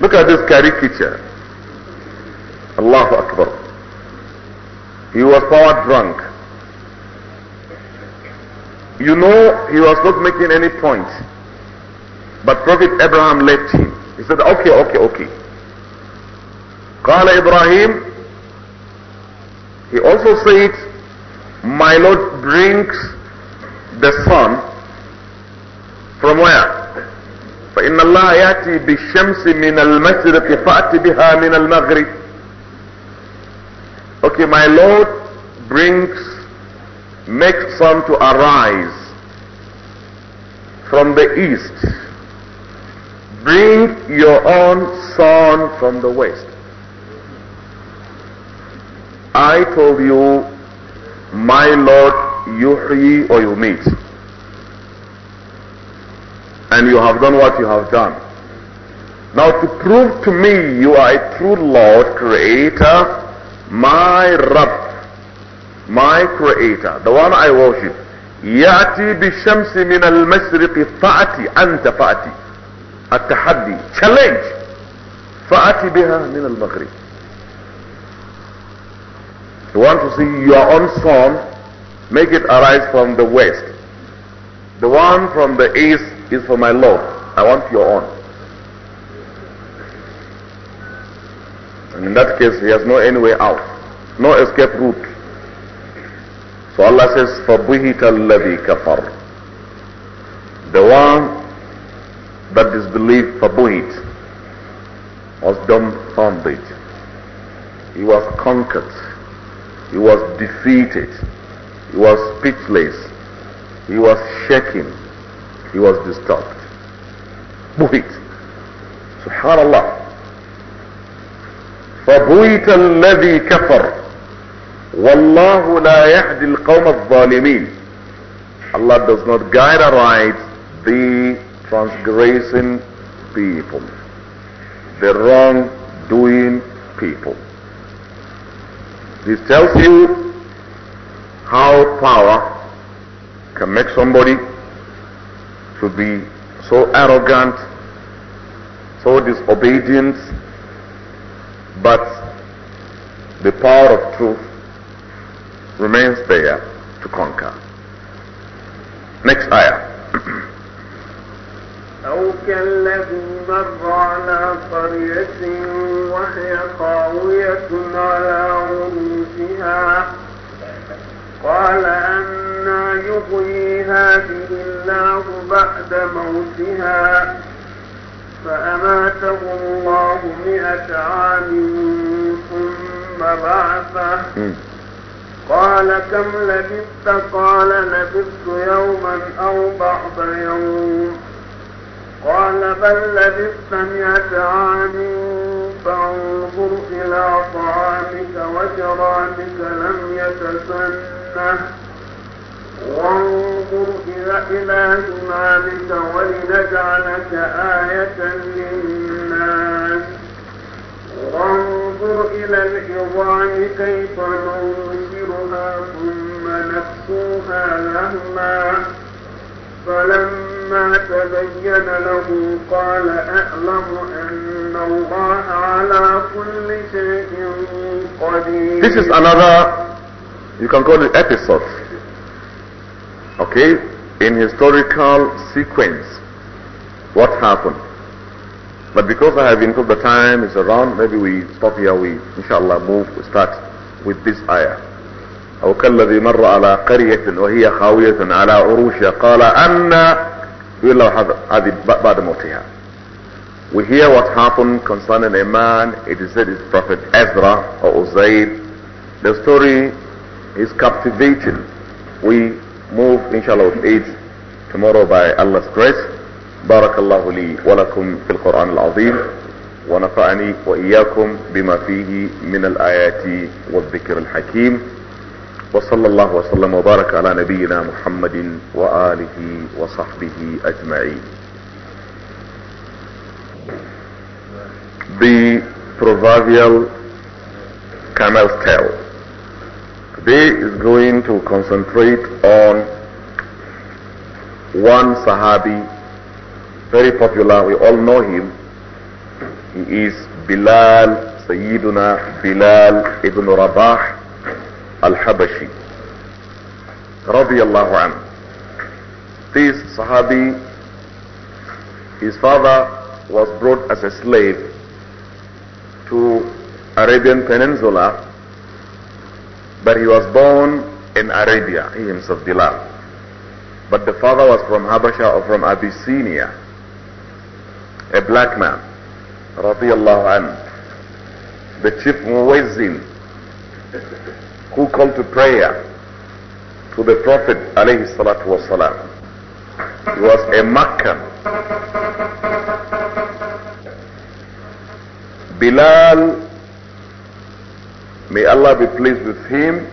Look at this caricature. Allahu Akbar. He was power drunk. You know he was not making any point. But Prophet Abraham left him. He said, okay, okay, okay. قال Ibrahim, he also said, my Lord brings the sun from where? فإن الله يأتي بالشمس من المشرق فأتي بها من المغرب Okay, my Lord brings, makes sun to arise from the east. Bring your own sun from the west. I told you, my Lord yuhyi or you meet. And you have done what you have done. Now to prove to me you are a true Lord, Creator, my Rabb, my Creator, the one I worship. يأتي بالشمس من المشرق فأتي أنت فأتي التحدي challenge فأتي بها من المغرب you want to see your own son make it arise from the west. The one from the east is for my Lord. I want your own. And in that case, he has no any way out, no escape route. So Allah says, فَبُهِتَ الَّذِي كَفَرْ The one that disbelieved, فَبُهِت, was dumbfounded. He was conquered. He was defeated. He was speechless. He was shaken. He was disturbed. Buhit. Subhanallah. فبويت الذي كفر والله لا يهدي القوم الظالمين Allah does not guide aright the transgressing people, the wrong doing people. This tells you how power can make somebody to be so arrogant, so disobedient, but the power of truth remains there to conquer. Next ayah. أو كالذي مر على قرية وهي خاوية على عروشها قال أنا يحيي هذه الله بعد موتها فأماته الله مئة عام ثم بعثه قال كم لبثت قال لبثت يوما أو بعض يوم قال بل لبثت مئة عام فانظر إلى طعامك وشرابك لم يتسنه وانظر إلى إلى جمالك ولنجعلك آية للناس وانظر إلى العظام كيف ننشرها ثم نكسوها لهما فلما تبين له قال أعلم أن الله على كل شيء قدير This is another, you can call it episode, okay, in historical sequence, what happened. But because I have included the time is around, maybe we stop here, we inshallah move, we start with this ayah. او كالذي مر على قرية وهي خاوية على عروشها قال أن يقول له هذه بعد موتها We hear what happened concerning a man, it is said it's Prophet Ezra or Uzaid. The story is captivating. We move inshallah with it tomorrow by Allah's grace. بارك الله لي ولكم في القرآن العظيم ونفعني وإياكم بما فيه من الآيات والذكر الحكيم وصلى الله وسلم وبارك على نبينا محمد وآله وصحبه أجمعين The proverbial camel's tail Today is going to concentrate on one Sahabi very popular we all know him he is Bilal Sayyiduna Bilal ibn Rabah al-Habashi الله عنه. This Sahabi, his father was brought as a slave to Arabian Peninsula, but he was born in Arabia, he himself Bilal. But the father was from Habasha or from Abyssinia, a black man, الله عنه. the chief muwazzin who come to prayer to the Prophet alayhi salatu wasalam. He was a makkah. Bilal, may Allah be pleased with him,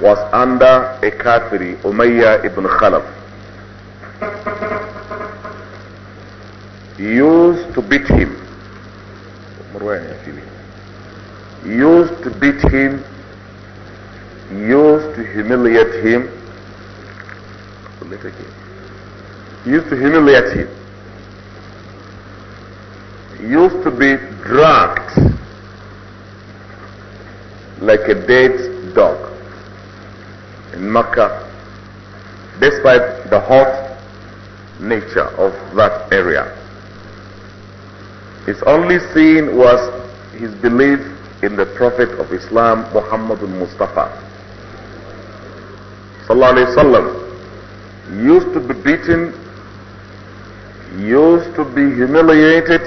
was under a Kafiri, Umayyah ibn Khalaf. He used to beat him. He used to beat him used to humiliate him. Used to humiliate him. Used to be dragged like a dead dog in Makkah, despite the hot nature of that area. His only sin was his belief in the Prophet of Islam, Muhammad al-Mustafa وسلم, used to be beaten, used to be humiliated,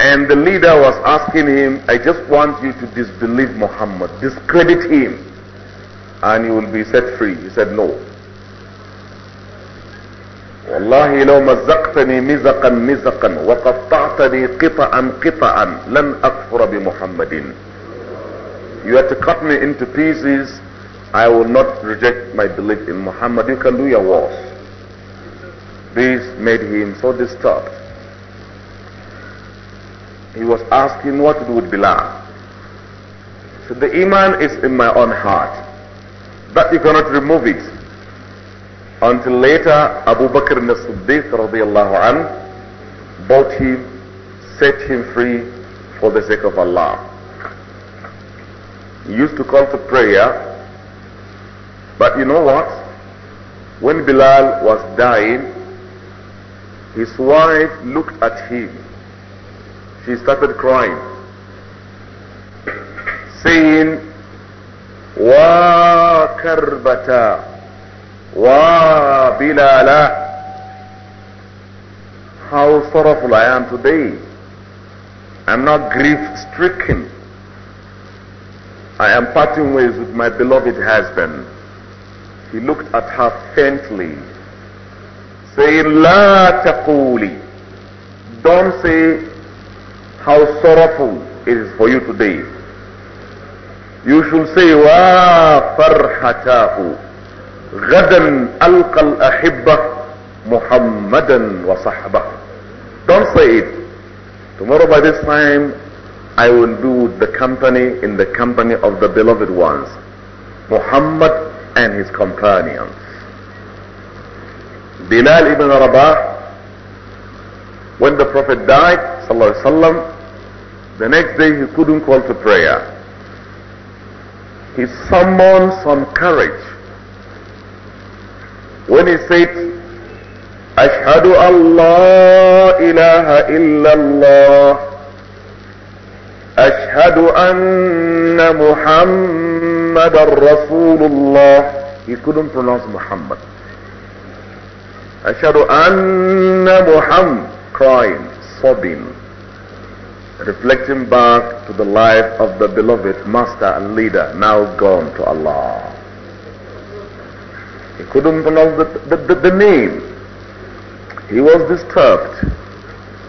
and the leader was asking him, I just want you to disbelieve Muhammad, discredit him, and you will be set free. He said, No. والله لو مزقتني مزقا مزقا وقطعتني قطعا قطعا لن اكفر بمحمد You had to cut me into pieces I will not reject my belief in Muhammad. You can do your worst. This made him so disturbed. He was asking what it would be like. Said the Iman is in my own heart. That you cannot remove it. Until later, Abu Bakr as-Siddiq bought him, set him free for the sake of Allah. He used to call to prayer but you know what? When Bilal was dying, his wife looked at him. She started crying, <coughs> saying, Wa karbata, wa bilala. How sorrowful I am today. I'm not grief stricken. I am parting ways with my beloved husband. He looked at her faintly, saying, La taquli. Don't say how sorrowful it is for you today. You should say, Wa farhatahu. غدا ألقى الأحبة محمدا وصحبه. Don't say it. Tomorrow by this time, I will be the company in the company of the beloved ones. Muhammad and his companions. Bilal ibn Rabah, when the Prophet died, وسلم, the next day he couldn't call to prayer. He summoned some courage when he said, أشهد أن لا إله إلا الله أشهد أن محمد Muhammad Rasulullah. He couldn't pronounce Muhammad. Ashadu anna Muhammad, crying, sobbing, reflecting back to the life of the beloved master and leader, now gone to Allah. He couldn't pronounce the, the, the, the name. He was disturbed.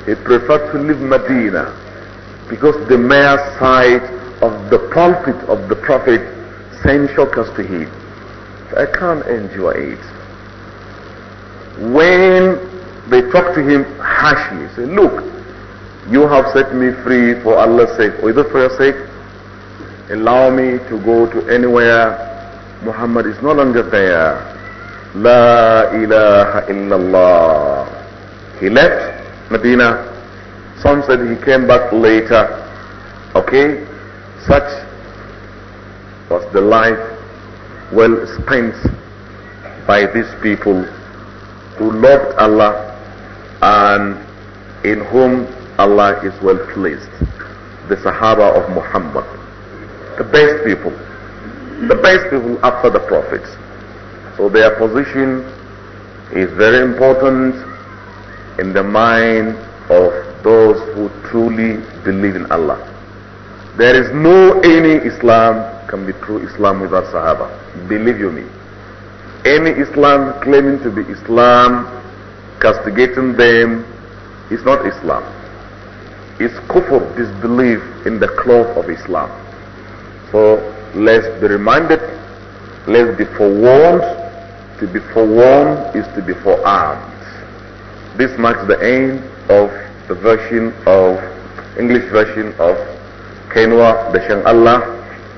He preferred to leave Medina because the mere sight of the pulpit of the Prophet same as to Him. I can't endure it. When they talk to him harshly, say, Look, you have set me free for Allah's sake, or either for your sake, allow me to go to anywhere. Muhammad is no longer there. La ilaha illallah. He left Medina. Some said he came back later. Okay? Such was the life well spent by these people who loved Allah and in whom Allah is well pleased. The Sahaba of Muhammad. The best people. The best people after the prophets. So their position is very important in the mind of those who truly believe in Allah. There is no any Islam can be true Islam without Sahaba. Believe you me. Any Islam claiming to be Islam, castigating them, is not Islam. It's kufr, disbelief in the cloth of Islam. So let's be reminded, let's be forewarned. To be forewarned is to be forearmed. This marks the end of the version of English version of Kenwa, the Shang Allah.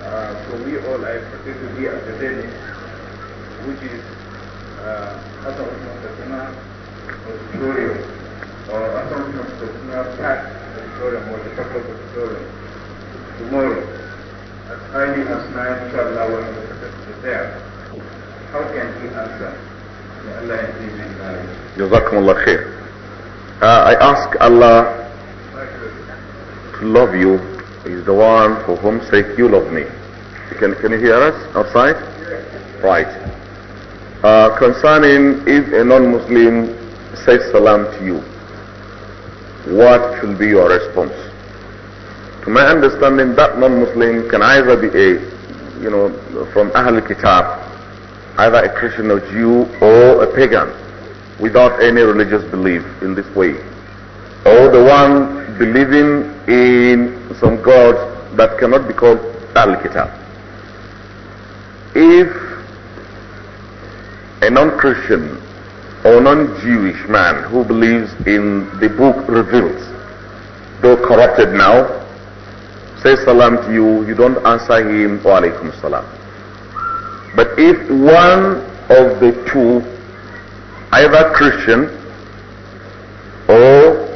so we all are expected to be at the venue, which is uh, Hassan Usman Auditorium, or Hassan Usman Sasuna Park Auditorium, or the Faculty Auditorium, tomorrow, as early as 9, inshallah, when the Secretary is there. How can he answer? May Allah increase in I ask Allah to love you He's the one for whom sake you love me. Can, can you hear us outside? Right. Uh, concerning if a non-Muslim says salam to you, what should be your response? To my understanding, that non-Muslim can either be a, you know, from Ahl Kitab, either a Christian or Jew or a pagan, without any religious belief in this way. Or the one believing in some God that cannot be called Al-Kitab. If a non-Christian or non-Jewish man who believes in the book reveals, though corrupted now, says salam to you, you don't answer him, wa Alaykum salam. But if one of the two, either Christian or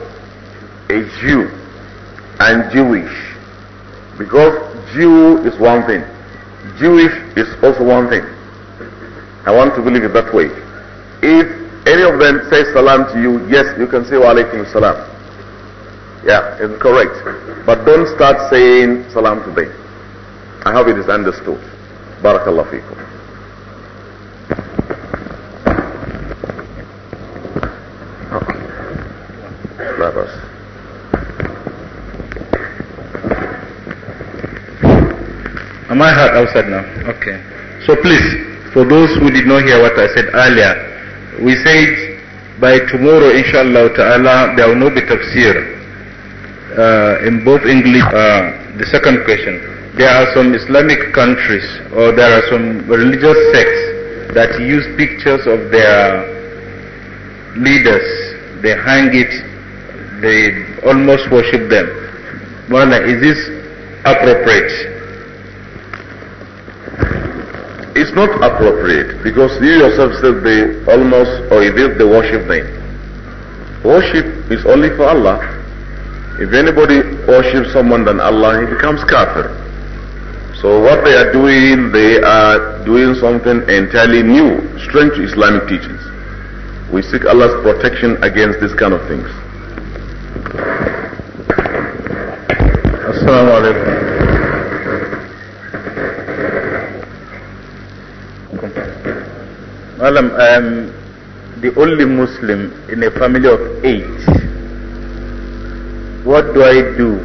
a Jew and Jewish. Because Jew is one thing, Jewish is also one thing. I want to believe it that way. If any of them says salam to you, yes, you can say wa alaikum salam. Yeah, it's correct. But don't start saying salam to them. I hope it is understood. Barakallah fikum. Let us. my heart outside now? Okay. So please, for those who did not hear what I said earlier, we said by tomorrow, inshallah ta'ala, there will not be tafsir uh, in both English. Uh, the second question. There are some Islamic countries or there are some religious sects that use pictures of their leaders. They hang it, they almost worship them. is this appropriate? it's not appropriate because you yourself said they almost or even they worship them. Worship is only for Allah. If anybody worships someone than Allah, he becomes kafir. So what they are doing, they are doing something entirely new, strange to Islamic teachings. We seek Allah's protection against this kind of things. Assalamu alaikum. Madam, I am um, the only Muslim in a family of eight. What do I do?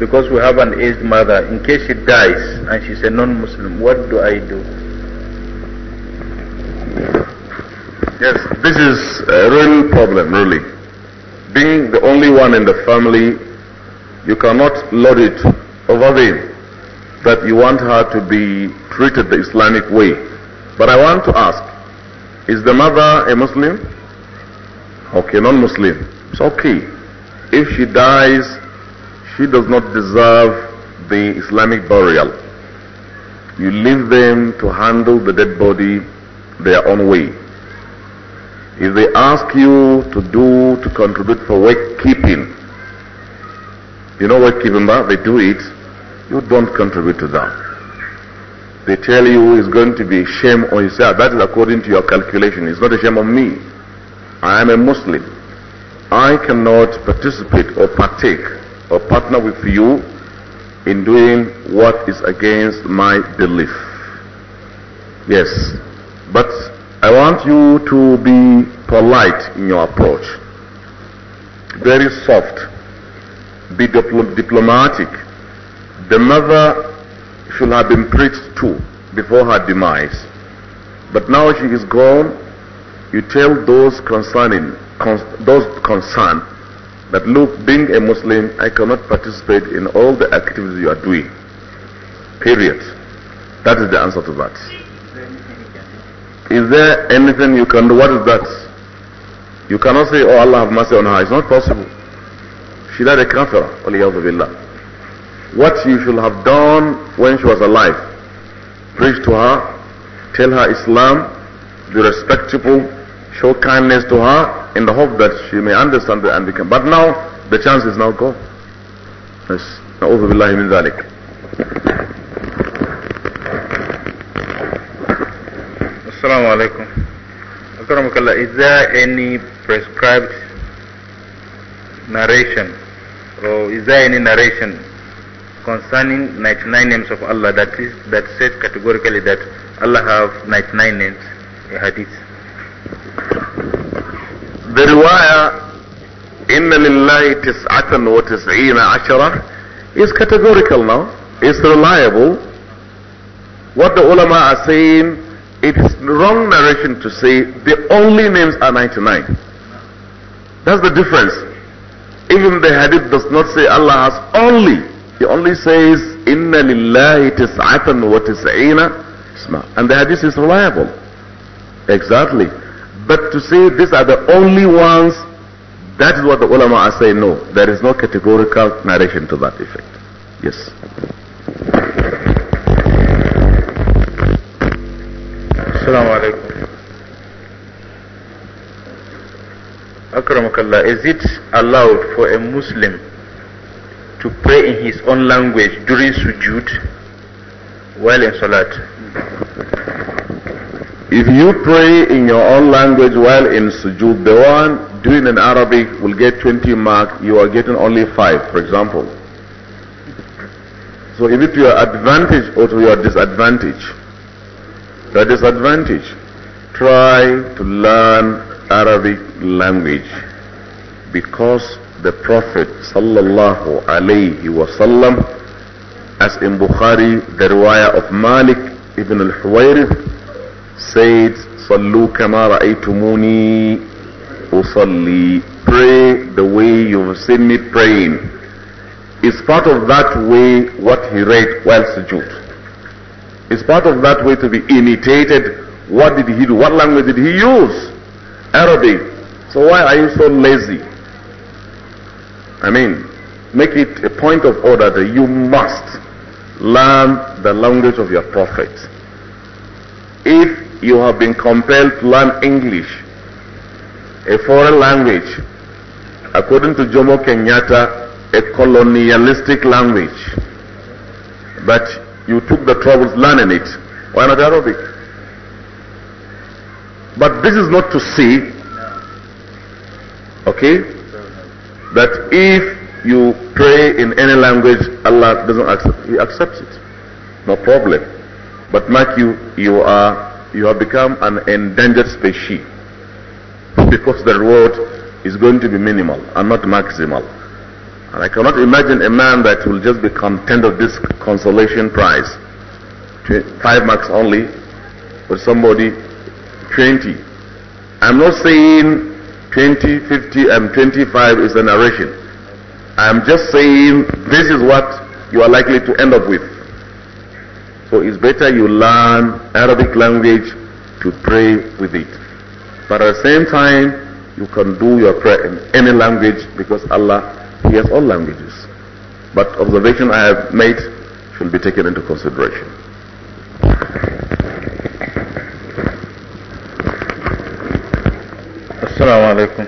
Because we have an aged mother, in case she dies and she's a non Muslim, what do I do? Yes, this is a real problem, really. Being the only one in the family, you cannot lord it over them that you want her to be treated the Islamic way. But I want to ask, is the mother a Muslim? Okay, non-Muslim. It's okay. If she dies, she does not deserve the Islamic burial. You leave them to handle the dead body their own way. If they ask you to do, to contribute for keeping, you know keeping that? They do it. You don't contribute to that. They tell you it's going to be shame on yourself. That is according to your calculation. It's not a shame on me. I am a Muslim. I cannot participate or partake or partner with you in doing what is against my belief. Yes, but I want you to be polite in your approach, very soft, be dipl diplomatic. The mother should have been preached to before her demise. But now she is gone, you tell those concerning, cons those concerned that look, being a Muslim, I cannot participate in all the activities you are doing. Period. That is the answer to that. Is there anything you can do? What is that? You cannot say, Oh Allah have mercy on her. It's not possible. She died a kafir what you should have done when she was alive. Preach to her, tell her Islam, be respectful, show kindness to her in the hope that she may understand and become. But now, the chance is now gone. Yes. alaikum. بالله من Is there any prescribed narration or is there any narration concerning 99 names of Allah that is that says categorically that Allah have 99 names a hadith the "Inna lillahi لله wa وتسعين عشرة is categorical now it's reliable what the ulama are saying it's wrong narration to say the only names are 99 that's the difference even the hadith does not say Allah has only he only says, Inna lillahi tis'atan wa tis'ina isma. And the hadith is reliable. Exactly. But to say these are the only ones, that is what the ulama are saying. No, there is no categorical narration to that effect. Yes. Assalamu alaikum. Akramakallah, is it allowed for a Muslim to pray in his own language during sujood while in salat? If you pray in your own language while in sujood, the one doing in Arabic will get 20 mark, you are getting only 5, for example. So is it to your advantage or to your disadvantage? Your disadvantage. Try to learn Arabic language because the Prophet sallallahu alayhi wasallam as in Bukhari the riwayah of Malik ibn al huwayrith said صلوا كما رأيتموني أصلي pray the way you've seen me praying is part of that way what he read while sujood is part of that way to be imitated what did he do what language did he use Arabic so why are you so lazy I mean, make it a point of order that you must learn the language of your prophet. If you have been compelled to learn English, a foreign language, according to Jomo Kenyatta, a colonialistic language, but you took the trouble learning it, why not Arabic? But this is not to say, okay, that if you pray in any language, Allah doesn't accept He accepts it. No problem. But mark you, you are you have become an endangered species <laughs> because the reward is going to be minimal and not maximal. And I cannot imagine a man that will just be content of this consolation prize. Five marks only, but somebody 20. I'm not saying 20, 50, and 25 is a narration. I'm just saying this is what you are likely to end up with. So it's better you learn Arabic language to pray with it. But at the same time, you can do your prayer in any language because Allah hears all languages. But observation I have made should be taken into consideration. Assalamu alaikum.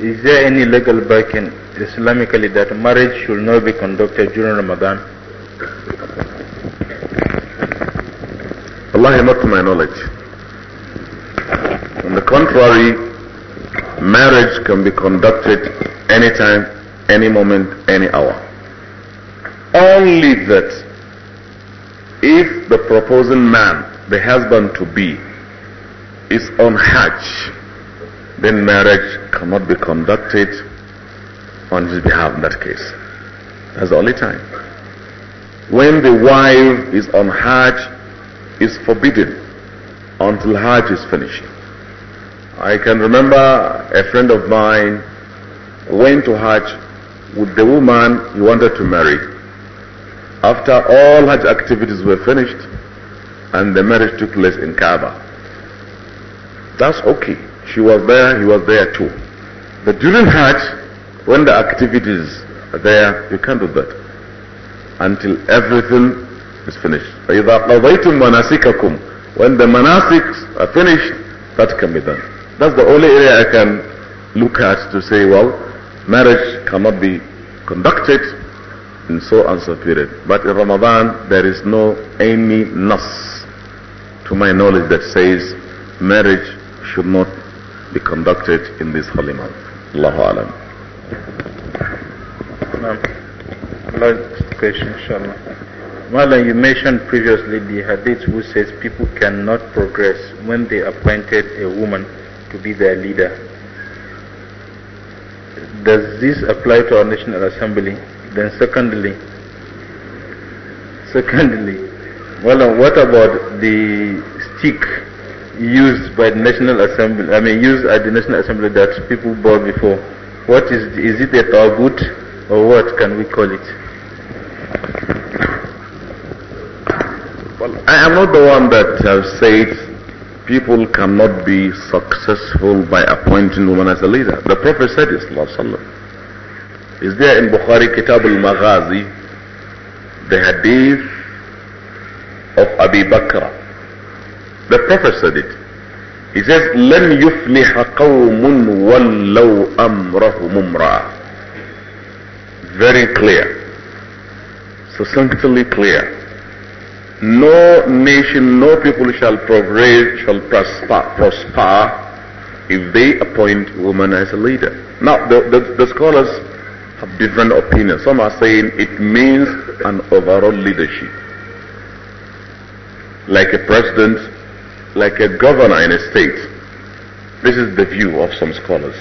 Is there any legal backing Islamically that marriage should not be conducted during Ramadan? Allah, not to my knowledge. On the contrary, marriage can be conducted anytime, any moment, any hour. Only that if the proposing man, the husband to be, is on Hajj, then marriage cannot be conducted on his behalf in that case. That's the only time. When the wife is on Hajj, is forbidden until Hajj is finished. I can remember a friend of mine went to Hajj with the woman he wanted to marry. After all Hajj activities were finished and the marriage took place in Kaaba. That's okay. She was there, he was there too. But during Hajj, when the activities are there, you can't do that until everything is finished. فَإِذَا قَضَيْتُمْ مَنَاسِكَكُمْ When the manasiks are finished, that can be done. That's the only area I can look at to say, well, marriage cannot be conducted in so and so period. But in Ramadan, there is no any nas, to my knowledge, that says marriage should not be conducted in this holy month. Allahu Alam. Last question, you mentioned previously the hadith who says people cannot progress when they appointed a woman to be their leader. Does this apply to our National Assembly? Then secondly, <laughs> secondly, well, what about the stick used by the National Assembly, I mean used at the National Assembly that people bought before. What is, is it a tagut or what can we call it? Well, I am not the one that have said people cannot be successful by appointing women as a leader. The Prophet said it, is there in Bukhari Kitab al-Maghazi the hadith of Abu Bakr the Prophet said it. He says, "لن يُفْلِحَ قَوْمٌ وَلَّوْ أَمْرَهُمْ امْرَأً Very clear. Succinctly clear. No nation, no people shall progress, shall prosper, prosper if they appoint woman as a leader. Now, the, the, the scholars have different opinions. Some are saying it means an overall leadership. Like a president like a governor in a state. This is the view of some scholars.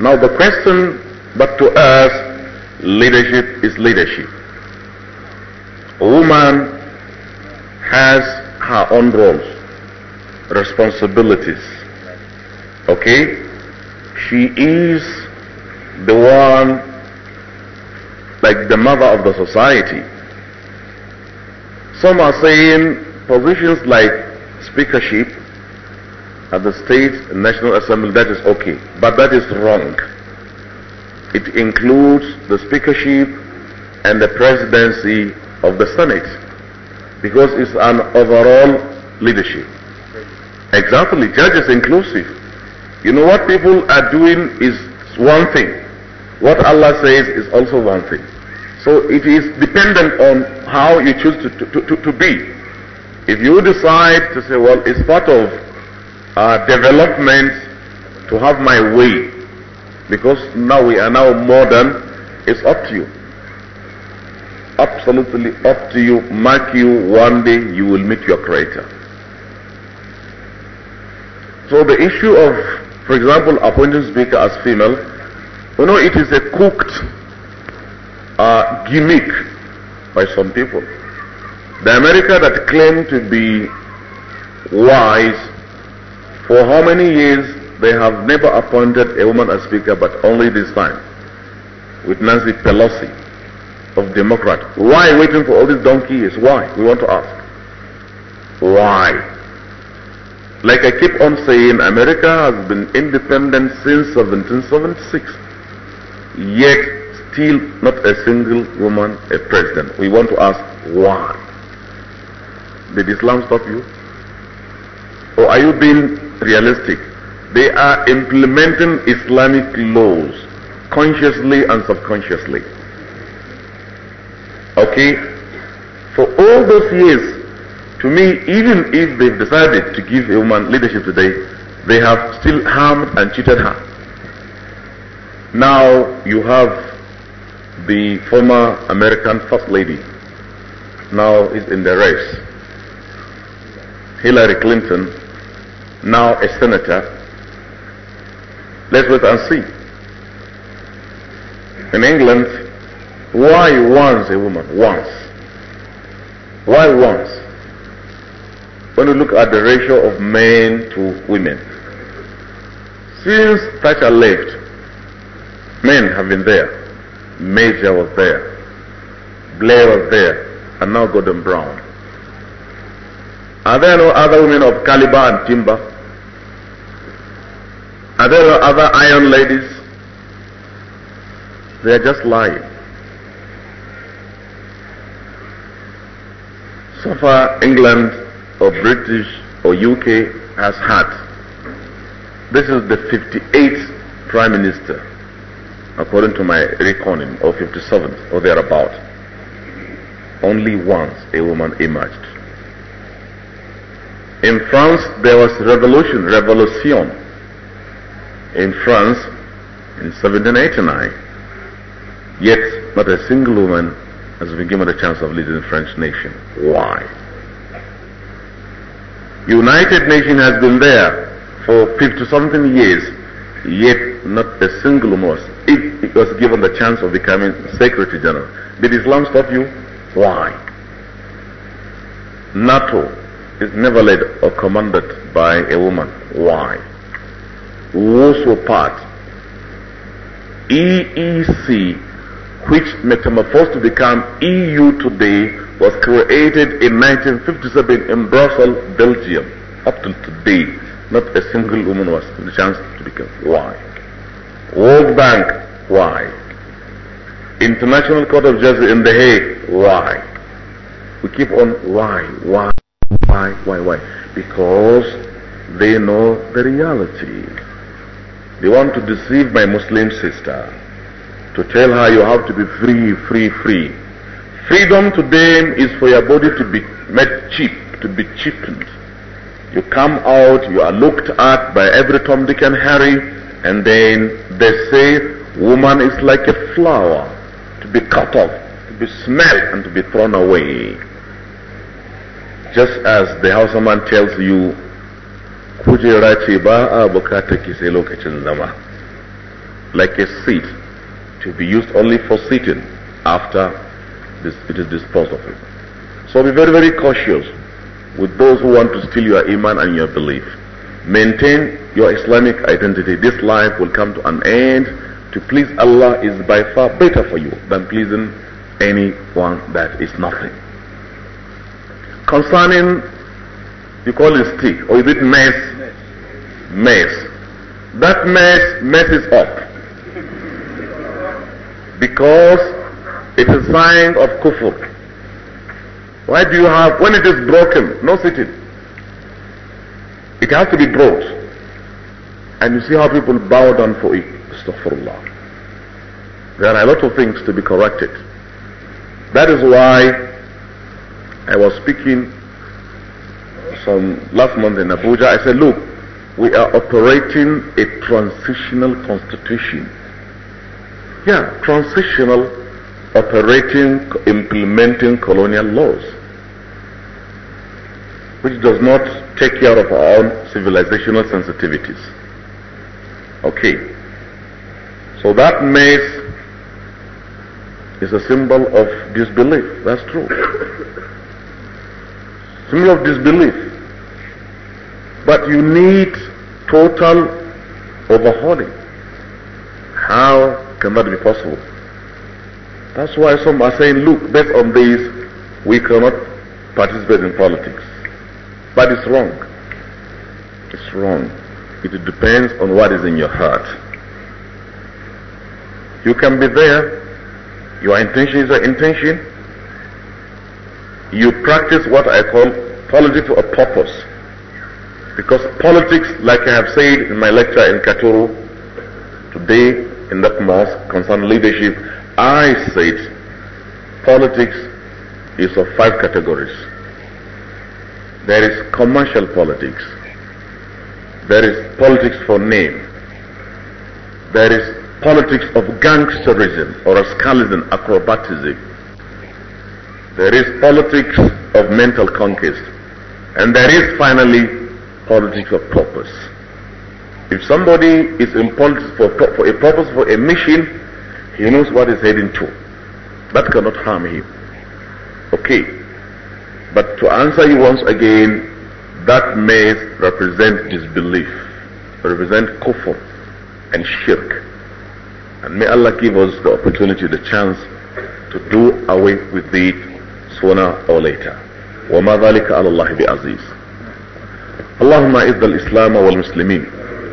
Now the question, but to us, leadership is leadership. A woman has her own roles, responsibilities. Okay? She is the one, like the mother of the society. Some are saying positions like speakership at the state national assembly, that is okay. But that is wrong. It includes the speakership and the presidency of the Senate because it's an overall leadership. Exactly, judges inclusive. You know what people are doing is one thing. What Allah says is also one thing. So it is dependent on how you choose to, to, to, to be. If you decide to say, well, it's part of uh, development to have my way, because now we are now modern, it's up to you. Absolutely up to you. Mark you, one day you will meet your creator. So the issue of, for example, appointing speaker as female, you know, it is a cooked uh, gimmick by some people. The America that claimed to be wise, for how many years they have never appointed a woman as speaker, but only this time, with Nancy Pelosi of Democrat. Why waiting for all these donkey years? Why? We want to ask. Why? Like I keep on saying, America has been independent since 1776. Yet, still not a single woman a president. We want to ask why. Did Islam stop you? Or are you being realistic? They are implementing Islamic laws consciously and subconsciously. Okay? For all those years, to me, even if they've decided to give a woman leadership today, they have still harmed and cheated her. Now you have the former American First Lady. Now is in the race. Hillary Clinton, now a senator. Let's wait and see. In England, why once a woman? Once. Why once? When you look at the ratio of men to women, since Thatcher left, men have been there. Major was there. Blair was there. And now Gordon Brown. Are there no other women of caliber and timber? Are there no other iron ladies? They are just lying. So far, England or British or UK has had. This is the 58th Prime Minister, according to my reckoning, or 57th, or thereabout. Only once a woman emerged. In France, there was revolution, revolution. In France, in 1789. Yet, not a single woman has been given the chance of leading the French nation. Why? United Nations has been there for 50 something years, yet not a single woman it was given the chance of becoming Secretary General. Did Islam stop you? Why? NATO is never led or commanded by a woman. Why? Also part EEC, which metamorphosed to become EU today, was created in 1957 in Brussels, Belgium. Up to today, not a single woman was the chance to become. Why? World Bank, why? International Court of Justice in The Hague, why? We keep on why, why? Why, why, why? Because they know the reality. They want to deceive my Muslim sister, to tell her you have to be free, free, free. Freedom to them is for your body to be made cheap, to be cheapened. You come out, you are looked at by every Tom, Dick and Harry, and then they say woman is like a flower to be cut off, to be smelled and to be thrown away just as the Hausa man tells you kujera ce ba a bukatar ki sai lokacin zama like a seat to be used only for sitting after this, it is disposed of it. So be very very cautious with those who want to steal your iman and your belief. Maintain your Islamic identity. This life will come to an end. To please Allah is by far better for you than pleasing anyone that is nothing concerning, you call it stick, or is it mess? Mess. That mess messes up. Because it is a sign of kufr. Why do you have, when it is broken, no sitting. It has to be brought. And you see how people bow down for it. Astaghfirullah. There are a lot of things to be corrected. That is why I was speaking some last month in Abuja. I said, look, we are operating a transitional constitution. Yeah, transitional, operating, implementing colonial laws, which does not take care of our own civilizational sensitivities. Okay. So that maze is a symbol of disbelief. That's true smear of disbelief. But you need total overhauling. How can that be possible? That's why some are saying, look, based on this, we cannot participate in politics. But it's wrong. It's wrong. It depends on what is in your heart. You can be there. Your intention is your intention. You practice what I call Politics for a purpose. Because politics, like I have said in my lecture in Katuru today in that mosque concerning leadership, I said politics is of five categories. There is commercial politics. There is politics for name. There is politics of gangsterism or rascalism, acrobatism. There is politics of mental conquest. And there is finally politics of purpose. If somebody is in politics for, for a purpose, for a mission, he knows what he's heading to. That cannot harm him. Okay. But to answer you once again, that may represent disbelief, represent kufr and shirk. And may Allah give us the opportunity, the chance to do away with it sooner or later. وما ذلك على الله بعزيز اللهم اعز الاسلام والمسلمين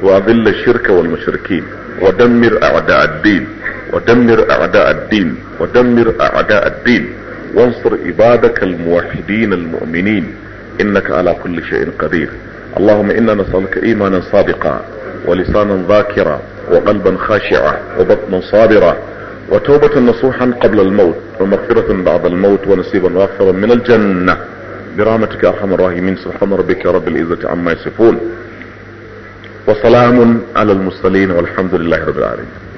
واذل الشرك والمشركين ودمر اعداء الدين ودمر اعداء الدين ودمر اعداء الدين وانصر عبادك الموحدين المؤمنين انك على كل شيء قدير اللهم انا نسألك ايمانا صادقا ولسانا ذاكرا وقلبا خاشعا وبطنا صابرا وتوبة نصوحا قبل الموت ومغفرة بعد الموت ونصيبا وافرا من الجنة برحمتك ارحم الراحمين سبحان ربك رب العزة عما يصفون وسلام على المرسلين والحمد لله رب العالمين